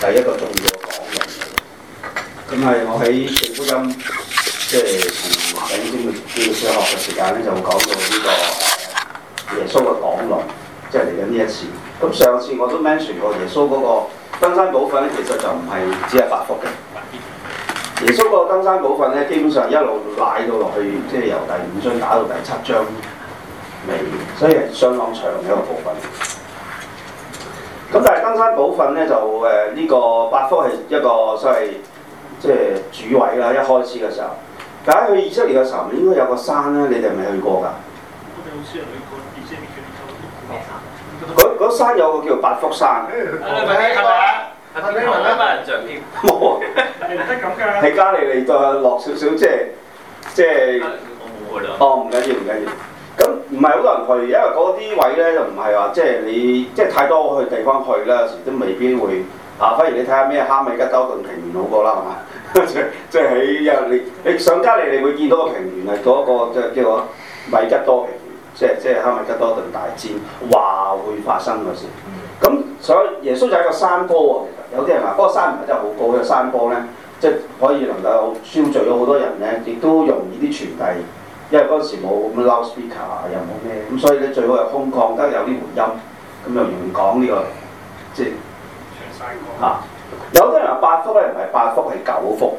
第一個重要講嘅，咁係我喺《聖福音》，即係從華頂先先開始學嘅時間咧，就會講到呢個耶穌嘅講論，即係嚟緊呢一次。咁上次我都 mention 過耶穌嗰個登山寶訓咧，其實就唔係只係八福嘅。耶穌嗰個登山寶訓咧，基本上一路拉到落去，即係由第五章打到第七章尾，所以係相當長嘅一個部分。咁但係登山寶訓咧就誒呢、這個八福係一個所謂即係主位啦，一開始嘅時候。大家去以色列嘅時候，唔應該有個山咧？你哋係咪去過㗎？嗰嗰山有個叫八福山。誒唔係啊，係潘天雲咧，潘天雲上添。冇啊！你唔得咁㗎。喺加利利再落少少，即係即係。我冇去啦。哦，唔緊要，唔緊要。唔係好多人去，因為嗰啲位呢就唔係話即係你，即係太多去地方去啦，有時都未必會啊。反而你睇下咩哈米吉多頓平原好過啦，係嘛？ 即係即係你你上街嚟，你會見到個平原係嗰個即係叫做米吉多平原，即係即係哈米吉多頓大戰話會發生嗰時。咁、嗯、所以耶穌就喺個山坡喎，其實有啲人話嗰、嗰個山唔係真係好高，因、那、為、個、山坡呢，即係可以能夠召集咗好多人呢，亦都容易啲傳遞。因為嗰陣時冇咁嘅 loud speaker 又冇咩，咁所以咧最好係空曠得有啲回音，咁又唔易講呢個即係、啊、有啲人話八福呢，唔係八福，係九福。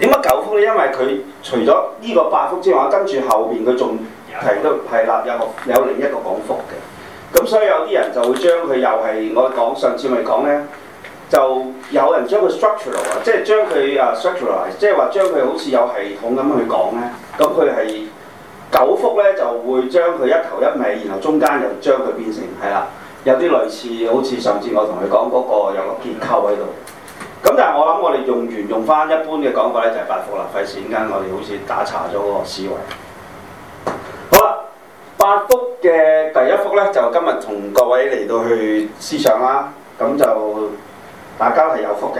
點解九福呢？因為佢除咗呢個八福之外，跟住後面佢仲提到係立有個有，有另一個講福嘅。咁所以有啲人就會將佢又係我講上次咪講呢。就有人將佢 structural 啊，即係將佢啊 structuralize，即係話將佢好似有系統咁去講呢。咁佢係九福呢，就會將佢一頭一尾，然後中間又將佢變成係啦，有啲類似好似上次我同你講嗰個有個結構喺度。咁但係我諗我哋用完用翻一般嘅講法呢，就係八福啦。費事啱我哋好似打岔咗嗰個思維。好啦，八福嘅第一福呢，就今日同各位嚟到去思想啦。咁就。大家係有福嘅，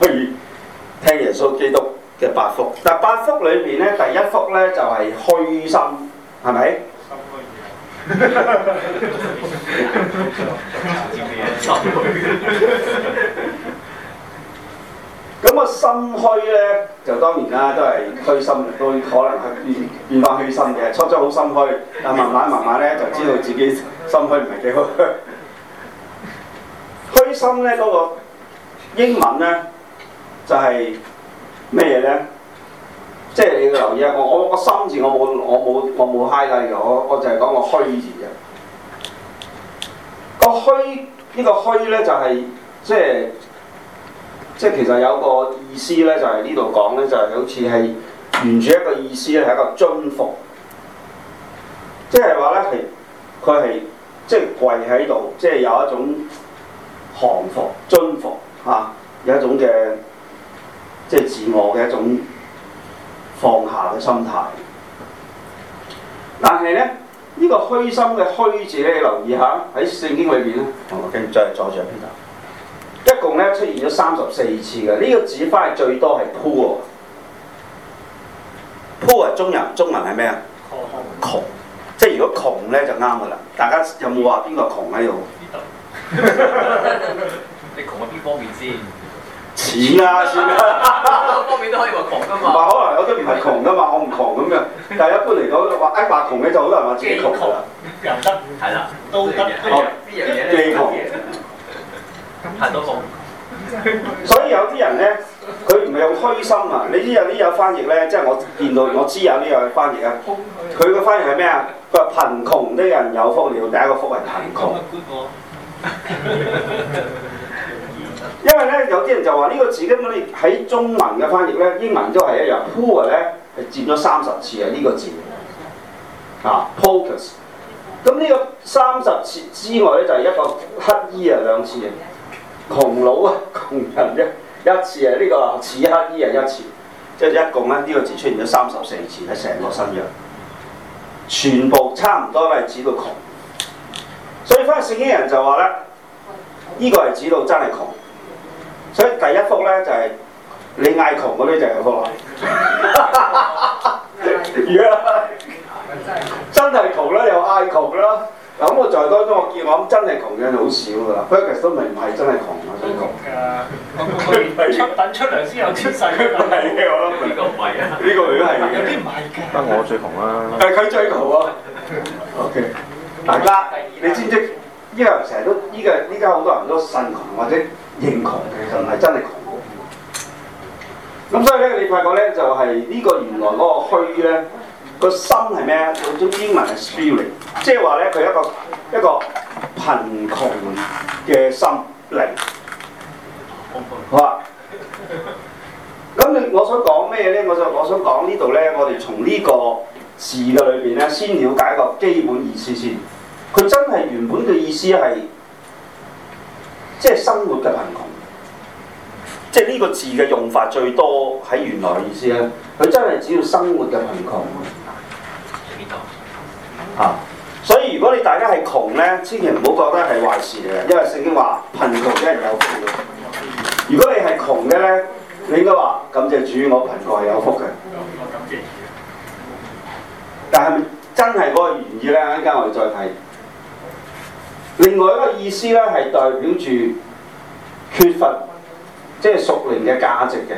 可、嗯、以聽耶穌基督嘅八福。但八福裏邊呢，第一福呢就係、係、虛心，係咪？咁啊， 個心虛呢，就當然啦，都係虛心都可能係變變化虛心嘅。初初好心虛，但慢慢慢慢呢，就知道自己心虛唔係幾好。 虛心咧嗰、那個英文咧就係咩嘢咧？即、就、係、是、你要留意下，我我個心字我冇我冇我冇嗨 i 嘅，我我，我，恰恰我，我就係講個虛字嘅。那個虛、這個、呢個虛咧就係即係即係其實有個意思咧，就係呢度講咧，就係好似係沿住一個意思咧，係、就是就是、一個尊服，即係話咧係佢係即係跪喺度，即、就、係、是、有一種。降服、尊服，嚇、啊、有一種嘅即係自我嘅一種放下嘅心態。但係咧，呢、這個虛心嘅虛字咧，你留意下喺聖經裏邊咧。聖經、嗯、再左上邊啊，一,一共咧出現咗三十四次嘅。呢、這個字翻係最多係 poor 啊，poor 係中人，中文係咩啊？窮，即係如果窮咧就啱嘅啦。大家有冇話邊個窮喺度？你窮喺邊方面先？錢啊，錢啊，各 方面都可以話窮噶嘛。唔係，可能有啲唔係窮噶嘛，我唔窮咁樣。但係一般嚟講，話一話窮你就好多人話自己窮啦。又得，係啦，都得。哦，寄窮，行到窮。窮，所以有啲人咧，佢唔係好虛心啊。你知有啲有翻譯咧，即係我見到我知有呢個翻譯啊。佢個翻譯係咩啊？佢話貧窮的人有福了，第一個福係貧窮。 因為咧有啲人就話呢、這個字根本咧喺中文嘅翻譯咧，英文都係一樣。poor 咧係佔咗三十次、這個、啊。呢個字啊 pocus 咁呢個三十次之外咧，就係、是、一個乞衣啊兩次嘅窮佬啊窮人啫。一次啊呢、這個似乞衣啊一次，即、就、係、是、一共咧呢、這個字出現咗三十四次喺成個新約，全部差唔多都係指到窮。所以翻聖經人就話咧，呢個係指到真係窮。所以第一福咧就係你嗌窮嗰啲就係福。真係窮啦，又嗌窮啦。咁我在當中我見我咁真係窮嘅好少噶啦。其實都唔係真係窮啊。出等出糧先有出世。呢個唔係啊。呢個都係。有啲唔係嘅。啊！我最窮啦。係佢最窮啊。OK。大家，你知唔知依家成日都依家依家好多人都信窮或者認窮嘅，其實唔係真係窮。咁所以咧，你發覺咧就係、是、呢個原來嗰個虛咧、那個心係咩啊？有種英文係 spirit，即係話咧佢一個一個貧窮嘅心靈。好啊。咁你我想講咩咧？我就我想講呢度咧，我哋從呢、這個。字嘅裏邊咧，先了解一個基本意思先。佢真係原本嘅意思係，即係生活嘅貧窮。即係呢個字嘅用法最多喺原來意思咧。佢真係只要生活嘅貧窮。啊，所以如果你大家係窮咧，千祈唔好覺得係壞事嚟嘅，因為聖經話貧窮真係有福嘅。如果你係窮嘅咧，你應該話感謝主，我貧窮係有福嘅。但係咪真係嗰個原意咧？一陣間我哋再睇。另外一個意思咧，係代表住缺乏即係屬靈嘅價值嘅。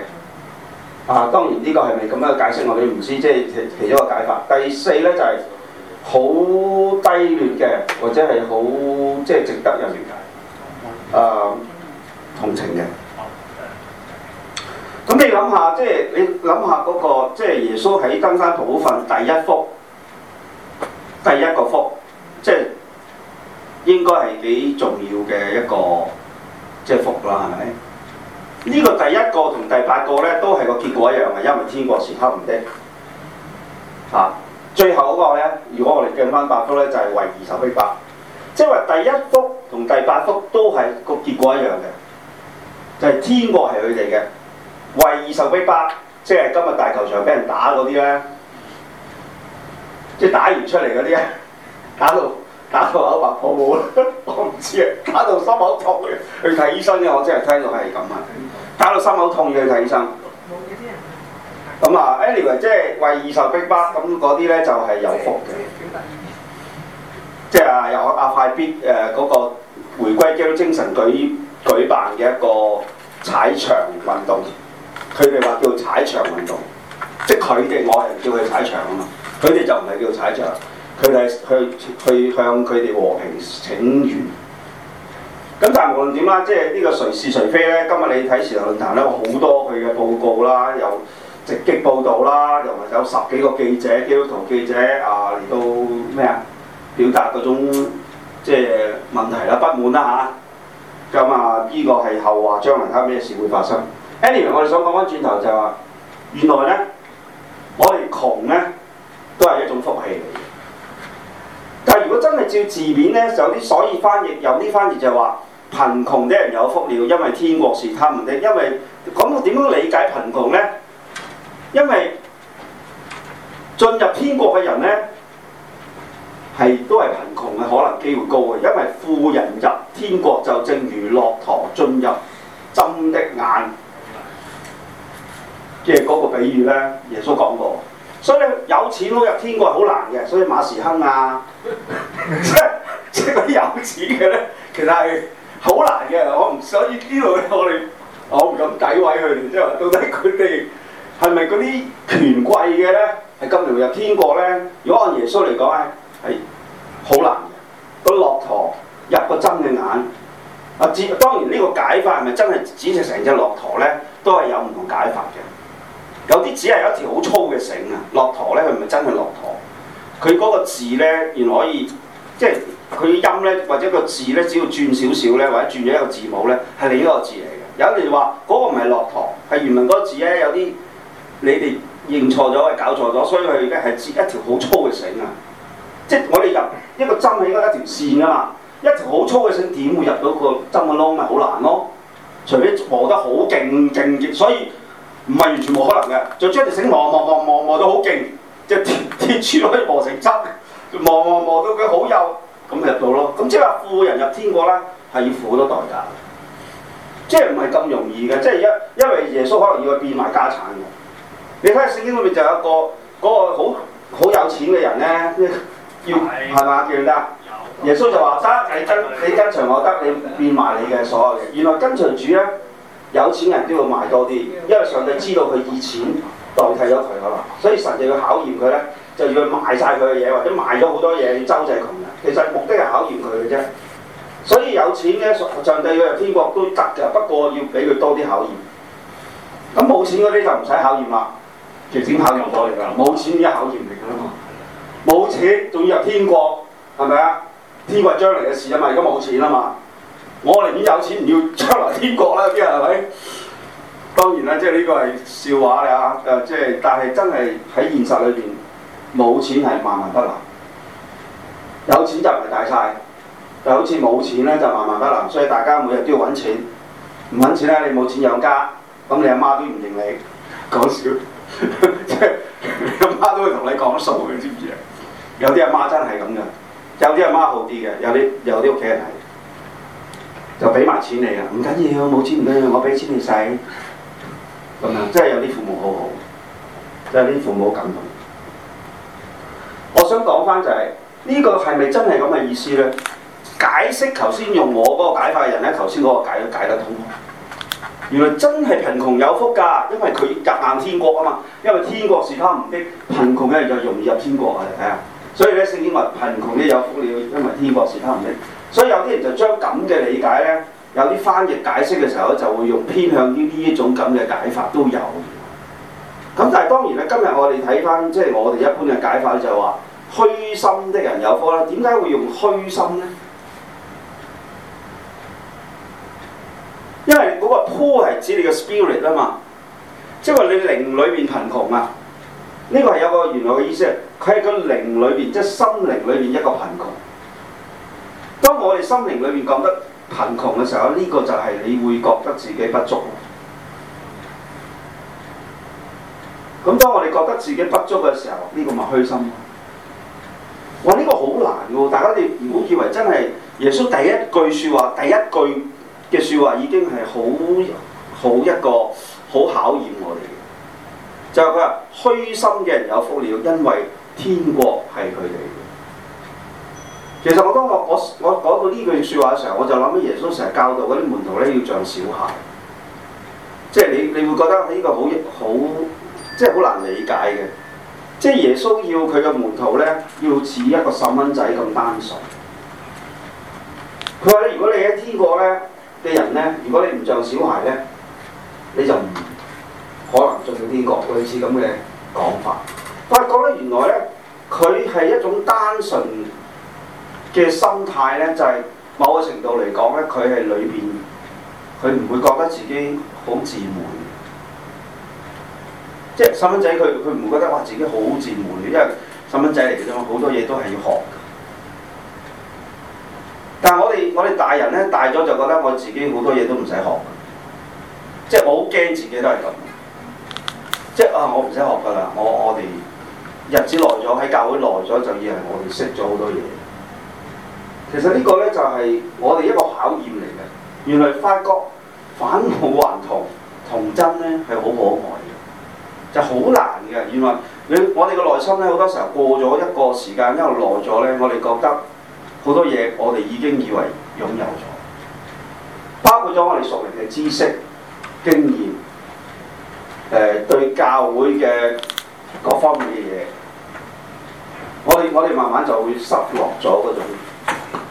啊，當然呢個係咪咁樣嘅解釋，我哋唔知，即係其中一個解法。第四咧就係、是、好低劣嘅，或者係好即係值得人哋啊同情嘅。咁你諗下，即係你諗下嗰、那個，即係耶穌喺登山寶訓第一幅。第一個福，即係應該係幾重要嘅一個即係、就是、福啦，係咪？呢、這個第一個同第八個咧都係個結果一樣嘅，因為天國時刻唔定。啊，最後嗰個咧，如果我哋計翻八福咧，就係為二十比八，即係話第一福同第八福都係個結果一樣嘅，就係、是、天國係佢哋嘅，為二十比八，即係今日大球場俾人打嗰啲咧。即係打完出嚟嗰啲啊，打到打到流白泡沫啦！我唔知啊，打到心口痛去睇醫生嘅，我真係聽到係咁啊！打到心口痛要睇醫生。冇嘅 anyway 即係為義受逼迫，咁嗰啲咧就係、是、有福嘅。即係啊，有阿、啊、阿快必誒嗰、呃那個回歸精神舉舉辦嘅一個踩場運動，佢哋話叫做踩場運動，即係佢哋我係叫佢踩場啊嘛。佢哋就唔係叫踩場，佢哋係去去向佢哋和平請願。咁但係無論點啦，即係呢個誰是誰非呢？今日你睇時代論壇呢，好多佢嘅報告啦，又直擊報導啦，又咪有十幾個記者、基督徒記者啊，嚟到咩啊？表達嗰種即係問題啦、不滿啦嚇。咁啊，呢個係後話，將來睇下咩事會發生。Anyway，我哋想講翻轉頭就係話，原來呢，我哋窮呢。都係一種福氣嚟嘅，但係如果真係照字面咧，就有啲，所以翻譯有啲翻譯就話貧窮的人有福了，因為天國是他們的。因為咁我點樣理解貧窮呢？因為進入天國嘅人呢，係都係貧窮嘅，可能機會高嘅，因為富人入天國就正如駱駝進入針的眼，即係嗰個比喻呢，耶穌講過。所以咧，有錢都入天國係好難嘅，所以馬時亨啊，即係即係啲有錢嘅咧，其實係好難嘅。我唔所以呢度咧，我哋我唔敢詆毀佢。然之後，到底佢哋係咪嗰啲權貴嘅咧，係咁容易入天國咧？如果按耶穌嚟講咧，係好難嘅。個駱駝入個針嘅眼啊！自然當然呢個解法係咪真係指住成隻駱駝咧，都係有唔同解法嘅。有啲只係一條好粗嘅繩啊，駱駝咧佢唔係真係駱駝，佢嗰個字咧原來可以即係佢音咧或者個字咧只要轉少少咧或者轉咗一個字母咧係另一個字嚟嘅。有人就話嗰個唔係駱駝，係原文嗰個字咧，有啲你哋認錯咗，搞錯咗，所以佢而家係指一條好粗嘅繩啊！即係我哋入一個針係應該一條線啊嘛，一條好粗嘅繩點會入到個針嘅窿咪好難咯？除非磨得好勁勁所以。唔係完全冇可能嘅，就將條繩磨磨磨磨磨到好勁，即鐵鐵柱可以磨成針，磨磨磨到佢好幼，咁就入到咯。咁即係話富人入天國咧，係要付好多代價，即係唔係咁容易嘅。即係一，因為耶穌可能要去變埋家產嘅。你睇下《聖經》裏面就有一個嗰個好好有錢嘅人咧，要係嘛記唔得？耶穌就話得，你跟你跟隨我得，你變埋你嘅所有嘅。原來跟隨主咧。有錢人都會賣多啲，因為上帝知道佢以錢代替咗佢，所以神就要考驗佢，就要賣曬佢嘅嘢，或者賣咗好多嘢去周濟窮人，其實目的係考驗佢嘅啫。所以有錢嘅上帝入天國都得嘅，不過要俾佢多啲考驗。咁冇錢嗰啲就唔使考驗啦。直接考驗過嚟㗎，冇錢而家考驗嚟㗎嘛，冇錢仲要入天國，係咪啊？天國將嚟嘅事啊嘛，而家冇錢啊嘛。我寧願有錢唔要出來天國啦，啲人係咪？當然啦，即係呢個係笑話嚟呀，即係但係真係喺現實裏邊，冇錢係萬萬不能，有錢就唔係大曬，就好似冇錢呢就萬萬不能。所以大家每日都要揾錢，唔揾錢呢你冇錢養家，咁你阿媽都唔認你。講笑， 即係你阿媽都會同你講數嘅，你知唔知啊？有啲阿媽真係咁嘅，有啲阿媽好啲嘅，有啲有啲屋企人係。就俾埋錢給你啊！唔緊要，冇錢唔緊要，我俾錢給你使。咁樣，真係有啲父母好好，真係有啲父母好感動。我想講翻就係、是、呢、呢個係咪真係咁嘅意思呢？解釋頭先用我嗰個解法嘅人呢，頭先嗰個解都解得通。原來真係貧窮有福㗎，因為佢夾硬天國啊嘛，因為天國是祂唔逼，貧窮咧就容易入天國啊！睇，所以呢，聖經話貧窮啲有福了，因為天國是祂唔逼。所以有啲人就將咁嘅理解呢，有啲翻譯解釋嘅時候就會用偏向於呢一種咁嘅解法都有。咁但係當然咧，今日我哋睇翻即係我哋一般嘅解法就係話虛心的人有福啦。點解會用虛心呢？因為嗰個 poor 係指你嘅 spirit 啊嘛，即係話你靈裏面貧窮啊。呢、這個係有個原來嘅意思，佢係個靈裏邊，即係心靈裏邊一個貧窮。當我哋心靈裏面覺得貧窮嘅時候，呢個就係你會覺得自己不足。咁當我哋覺得自己不足嘅時候，呢個咪虛心。哇！呢個好難噶，大家你唔好以為真係耶穌第一句說話，第一句嘅說話已經係好好一個好考驗我哋嘅。就係佢話虛心嘅人有福了，因為天國係佢哋。其實我當我我我講到呢句説話嘅時候，我就諗起耶穌成日教導嗰啲門徒咧，要像小孩。即係你你會覺得呢個好好，即係好難理解嘅。即係耶穌要佢嘅門徒咧，要似一個細蚊仔咁單純。佢話咧：如果你喺天國咧嘅人咧，如果你唔像小孩咧，你就唔可能進入天國。類似咁嘅講法。發覺咧，原來咧，佢係一種單純。嘅心態咧，就係某個程度嚟講咧，佢係裏邊，佢唔會覺得自己好自滿。即係細蚊仔，佢佢唔會覺得哇自己好自滿，因為細蚊仔嚟嘅啫嘛，好多嘢都係要學。但係我哋我哋大人咧，大咗就覺得我自己好多嘢都唔使學，即係我好驚自己都係咁。即係啊，我唔使學㗎啦，我我哋日子耐咗，喺教會耐咗，就以為我哋識咗好多嘢。其實呢個咧就係我哋一個考驗嚟嘅，原來發覺返老還童童真咧係好可愛嘅，就好、是、難嘅。原來你我哋嘅內心咧好多時候過咗一個時間，因為耐咗咧，我哋覺得好多嘢我哋已經以為擁有咗，包括咗我哋熟練嘅知識經驗，誒、呃、對教會嘅各方面嘅嘢，我哋我哋慢慢就會失落咗嗰種。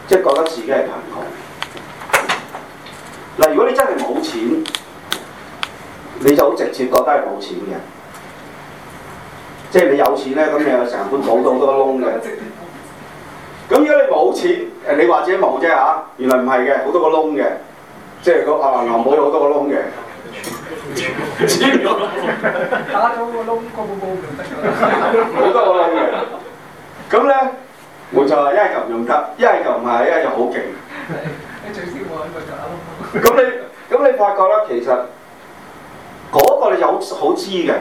即係覺得自己係貧窮。嗱， 如果你真係冇錢，你就好直接覺得係冇錢嘅。即係你有錢咧，咁你就成本補到好多窿嘅。咁如果你冇錢，誒你或者冇啫嚇，原來唔係嘅，好多個窿嘅。即係個銀行冇咗好多個窿嘅。打咗個窿，個半波咁得好多個窿嘅。咁咧。冇錯，一係就唔用得，一係就唔係，一係就好勁。你最少冇一個就啱啦。咁你咁你發覺啦，其實嗰、那個你就好好知嘅，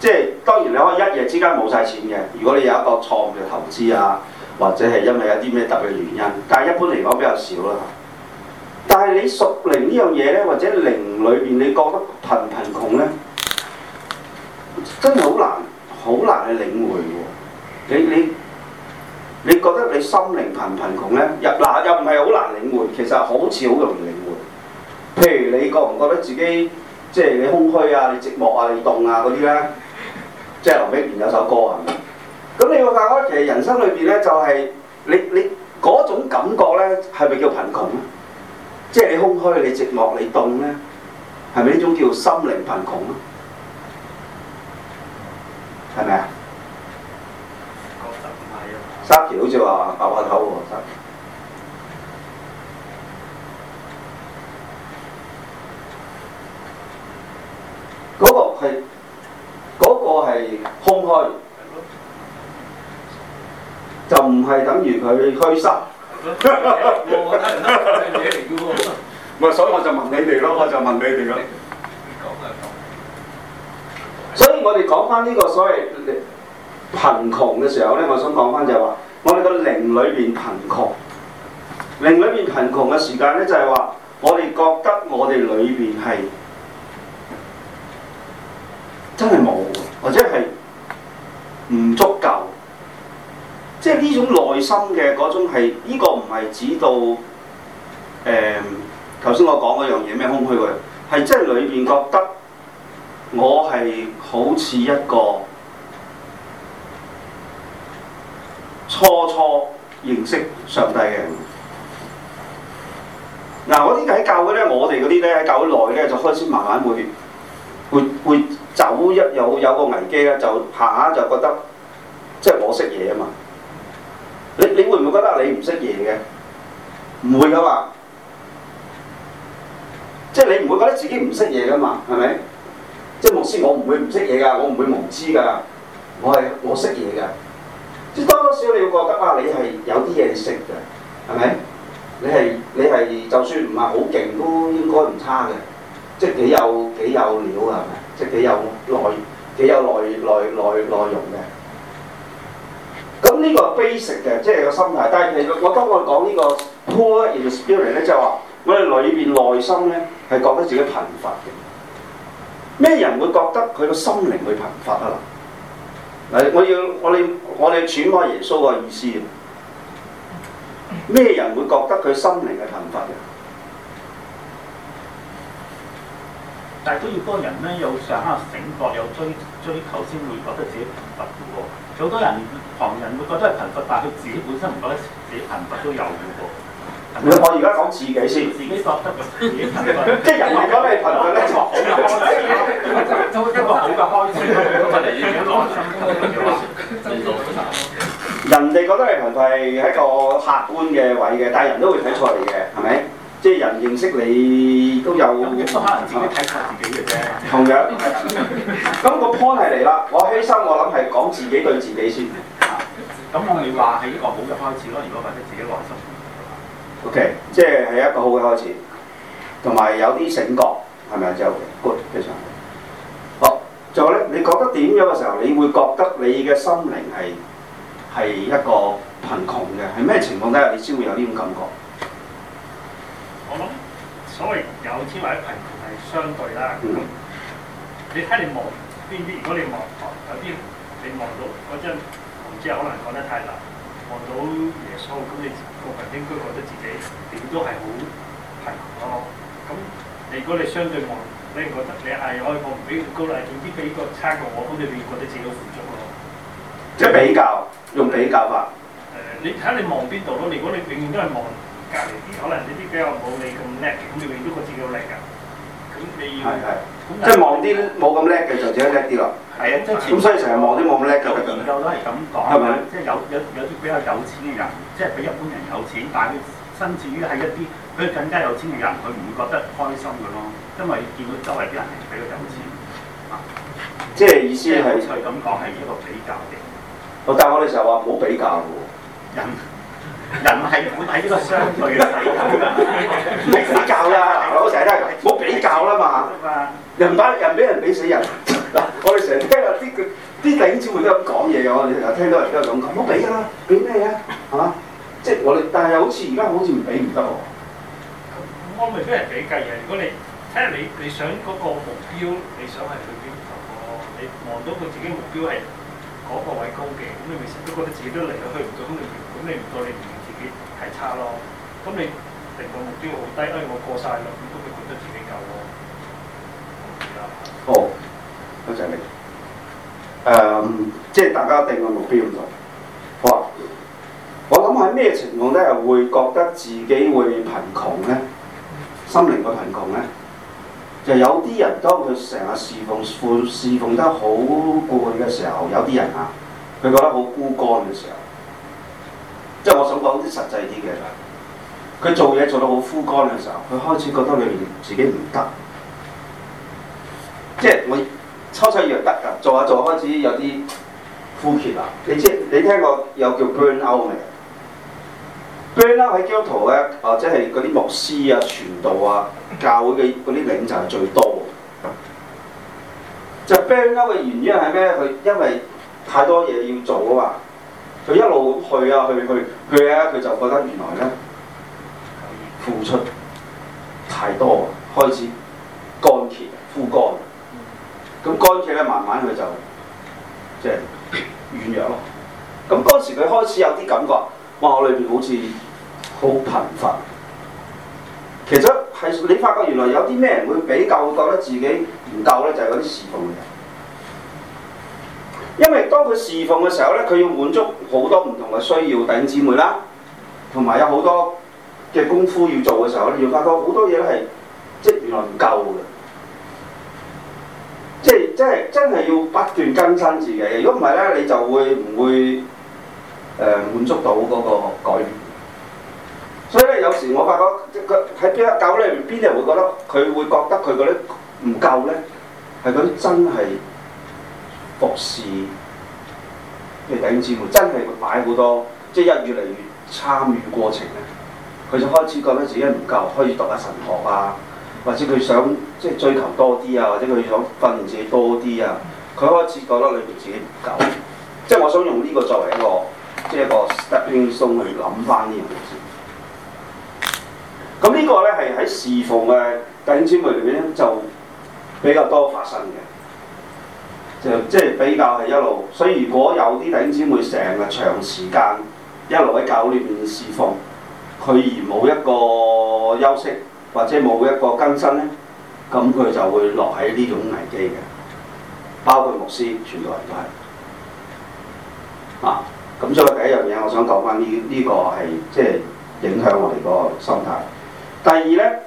即係當然你可以一夜之間冇晒錢嘅。如果你有一個錯誤嘅投資啊，或者係因為有啲咩特別原因，但係一般嚟講比較少啦。但係你熟零呢樣嘢呢，或者靈裏邊你覺得貧貧窮呢，真係好難，好難去領會喎。你你。你你覺得你心靈貧唔貧窮咧？入嗱又唔係好難領會，其實好似好容易領會。譬如你覺唔覺得自己即係你空虛啊、你寂寞啊、你凍啊嗰啲、啊、呢？即係林碧蓮有首歌係咪？咁你會發覺其實人生裏邊呢，就係你你嗰種感覺呢，係咪叫貧窮咧？即係你空虛、你寂寞、你凍呢，係咪呢種叫心靈貧窮咧？係咪啊？沙期好似話白百頭喎，三期嗰個係嗰、嗰個係空虛，就唔係等於佢虛心。唔 所以我就問你哋咯， 我就問你哋咯。 所以我哋講翻呢個所謂。Sorry 貧窮嘅時候咧，我想講翻就係話，我哋個靈裏邊貧窮，靈裏邊貧窮嘅時間咧，就係話我哋覺得我哋裏邊係真係冇，或者係唔足夠，即係呢種內心嘅嗰種係，呢個唔係指到誒頭先我講嗰樣嘢咩空虛喎，係真係裏邊覺得我係好似一個。初初認識上帝嘅。嗱，嗰啲喺教會咧，我哋嗰啲咧喺教會內咧，就開始慢慢會會會走一有有個危機咧，就下下就覺得即係我識嘢啊嘛，你你會唔會覺得你唔識嘢嘅？唔會噶嘛，即係你唔會覺得自己唔識嘢噶嘛，係咪？即係牧師，我唔會唔識嘢噶，我唔會無知噶，我係我識嘢噶。即多多少少要覺得啊，你係有啲嘢食嘅，係咪？你係你係就算唔係好勁，都應該唔差嘅。即幾有幾有料，係咪？即幾有內幾有內有內內內容嘅。咁呢個 basic 嘅，即係個心態。但係我當我講呢個 poor in spirit 咧，就係話我哋裏邊內心咧係覺得自己貧乏嘅。咩人會覺得佢個心靈會貧乏啊？誒，我要我哋我哋揣摩耶穌個意思，咩人會覺得佢心靈係貧乏嘅？但係都要多人咧，有想啊、醒覺、有追追求，先會覺得自己貧乏嘅喎。好多人旁人會覺得係貧乏，但係佢自己本身唔覺得自己貧乏都有嘅喎。我而家講自己先自，即係人。如果你評判一個好嘅開始，一個好嘅開始，人哋覺得你評判係一個客觀嘅位嘅，但係人都會睇錯你嘅，係咪？即係人認識你都有、嗯、可能自己睇錯自己嘅啫。同樣，咁、咁個 point 係嚟啦。我虛心，我諗係講自己對自己先。咁、啊、我哋話係一個好嘅開始咯。如果或者自己內心。OK，即係係一個好嘅開始，同埋有啲醒覺，係咪啊？就、okay, good 非常好，好，仲有咧？你覺得點樣嘅時候，你會覺得你嘅心靈係係一個貧窮嘅？係咩情況底下你先會有呢種感覺？我諗所謂有錢或者貧窮係相對啦。咁、mm hmm. 你睇你望邊啲？如果你望有啲，你望到嗰張，唔知可能講得太難。望到耶穌咁你。部分應該覺得自己點都係好貧窮咯。咁、嗯、如果你相對望咧，你覺得你嗌開我唔比你高啦，點知比個差過我，咁你會覺得自己好富足咯。即、嗯、係比較，用比較法。誒、呃，你睇下你望邊度咯？如果你永遠都係望隔籬啲，可能你啲比較冇你咁叻嘅，咁你永遠都覺得自己好叻㗎。咁你要，咁即係望啲冇咁叻嘅，就自己叻啲咯。 係啊，即係咁，所以成日望啲冇咁叻嘅。研究都係咁講，即係有有有啲比較有錢嘅人，即係比一般人有錢，但係佢身處於係一啲佢更加有錢嘅人，佢唔會覺得開心㗎囉，因為見到周圍啲人係比較有錢啊。即係意思係，好趣咁講係一個比較嘅。但係我哋成日話好比較喎。人，人係冇睇呢個相對嘅比較啦，冇比較啦，我成日都係冇比較啦嘛，人比人俾人比死人。嗱， 我哋成日聽啊啲佢啲弟兄姊妹佢都咁講嘢嘅，我哋又聽到人而家咁講，唔好俾啦，俾咩啊？係嘛？即係我哋，但係好似而家好似唔俾唔得喎。咁我未必係俾計嘅，如果你睇下你你想嗰個目標，你想係去邊個？你望到佢自己目標係嗰個位高嘅，咁你咪都覺得自己都嚟到去唔到，咁你原本你唔到你唔認自己係差咯。咁你定個目標好低，我過晒啦，咁都覺得自己夠咯。係哦。多謝，謝你。誒、um，即係大家定個目標。好我諗喺咩情況咧，會覺得自己會貧窮咧？心靈個貧窮咧，就有啲人當佢成日侍奉富侍奉得好攰嘅時候，有啲人啊，佢覺得好孤乾嘅時候。即係我想講啲實際啲嘅，佢做嘢做到好枯乾嘅時候，佢開始覺得佢自己唔得。即係我。初初又得噶，做下做開始有啲枯竭啦。你知你聽過有叫 burnout 未？burnout 喺基督徒咧，或者係嗰啲牧師啊、傳道啊、教會嘅嗰啲領袖就係最多。就是、burnout 嘅原因係咩？佢因為太多嘢要做啊嘛，佢一路去啊去啊去去、啊、咧，佢就覺得原來咧付出太多啊，開始乾竭枯乾。咁乾脆咧，慢慢佢就即係、就是、軟弱咯。咁嗰時佢開始有啲感覺，哇！我裏邊好似好貧乏。其實係你發覺原來有啲咩人會比較覺得自己唔夠咧，就係嗰啲侍奉嘅人。因為當佢侍奉嘅時候咧，佢要滿足好多唔同嘅需要，弟兄姊妹啦，同埋有好多嘅功夫要做嘅時候，你要發覺好多嘢咧係即係原來唔夠嘅。即係真係要不斷更新自己，如果唔係咧，你就會唔會誒、呃、滿足到嗰個改變？所以咧，有時我發覺，喺邊一狗咧，邊啲人會覺得佢會覺得佢嗰啲唔夠咧，係佢真係服侍，譬如頂尖智慧，真係會擺好多，即、就、係、是、一越嚟越參與過程咧，佢就開始覺得自己唔夠，可以讀下神學啊。或者佢想即係追求多啲啊，或者佢想訓練自己多啲啊，佢開始覺得裏面自己唔夠，即係我想用呢個作為一個即係一個 stepping stone 去諗翻呢樣嘢先。咁、這、呢個呢，係喺侍奉嘅弟兄姊妹裏面呢，就比較多發生嘅，就即係比較係一路。所以如果有啲弟兄姊妹成日長時間一路喺教會裏面侍奉，佢而冇一個休息。或者冇一個更新咧，咁佢就會落喺呢種危機嘅，包括牧師全部人都係啊。咁所以第一樣嘢，我想講翻呢呢個係、這個、即係影響我哋嗰個心態。第二咧，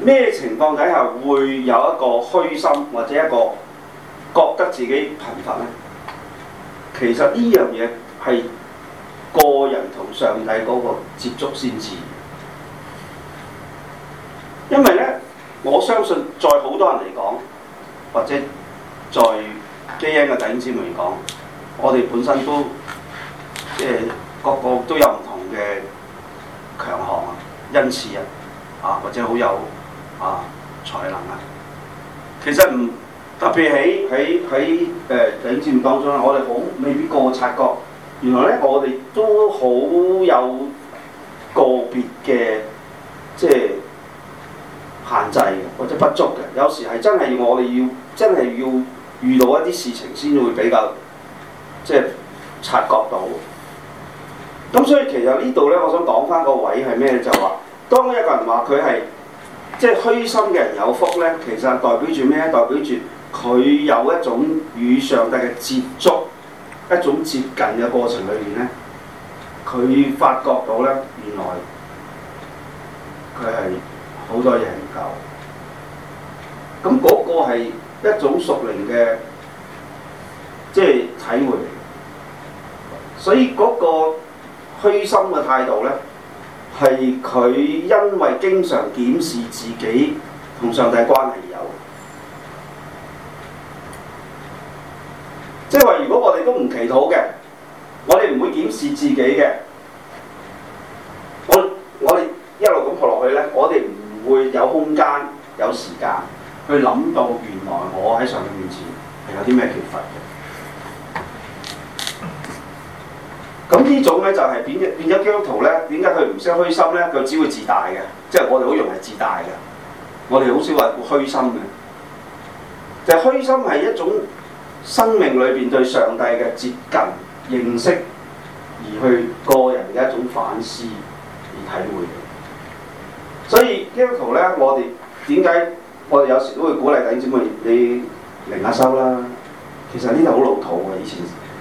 咩情況底下會有一個虛心或者一個覺得自己貧乏咧？其實呢樣嘢係個人同上帝嗰個接觸先至。我相信，在好多人嚟講，或者在基恩嘅頂尖嚟講，我哋本身都即係個個都有唔同嘅強項啊，恩賜啊，啊或者好有啊才能啊。其實唔特別喺喺喺誒頂尖當中，我哋好未必個個察覺，原來咧，我哋都好有個別嘅即係限制。不足嘅，有時係真係我哋要真係要遇到一啲事情先會比較即係察覺到。咁所以其實呢度咧，我想講翻個位係咩？就話、是、當一個人話佢係即係虛心嘅人有福咧，其實代表住咩？代表住佢有一種與上帝嘅接觸，一種接近嘅過程裏邊咧，佢發覺到咧，原來佢係好多嘢唔夠。咁嗰個係一種熟練嘅即係體會，所以嗰個虛心嘅態度咧，係佢因為經常檢視自己同上帝關係有。即係話，如果我哋都唔祈禱嘅，我哋唔會檢視自己嘅。我我哋一路咁學落去咧，我哋唔會有空間有時間。去諗到原來我喺上帝面前係有啲咩缺乏嘅，咁呢種咧就係變變咗基督徒咧，點解佢唔識虛心咧？佢只會自大嘅，即係我哋好容易自大嘅，我哋好少話虛心嘅。就虛心係一種生命裏邊對上帝嘅接近認識，而去個人嘅一種反思而體會嘅。所以基督徒咧，我哋點解？我哋有時都會鼓勵弟兄姊妹，你靈修啦。其實呢度好老土啊。以前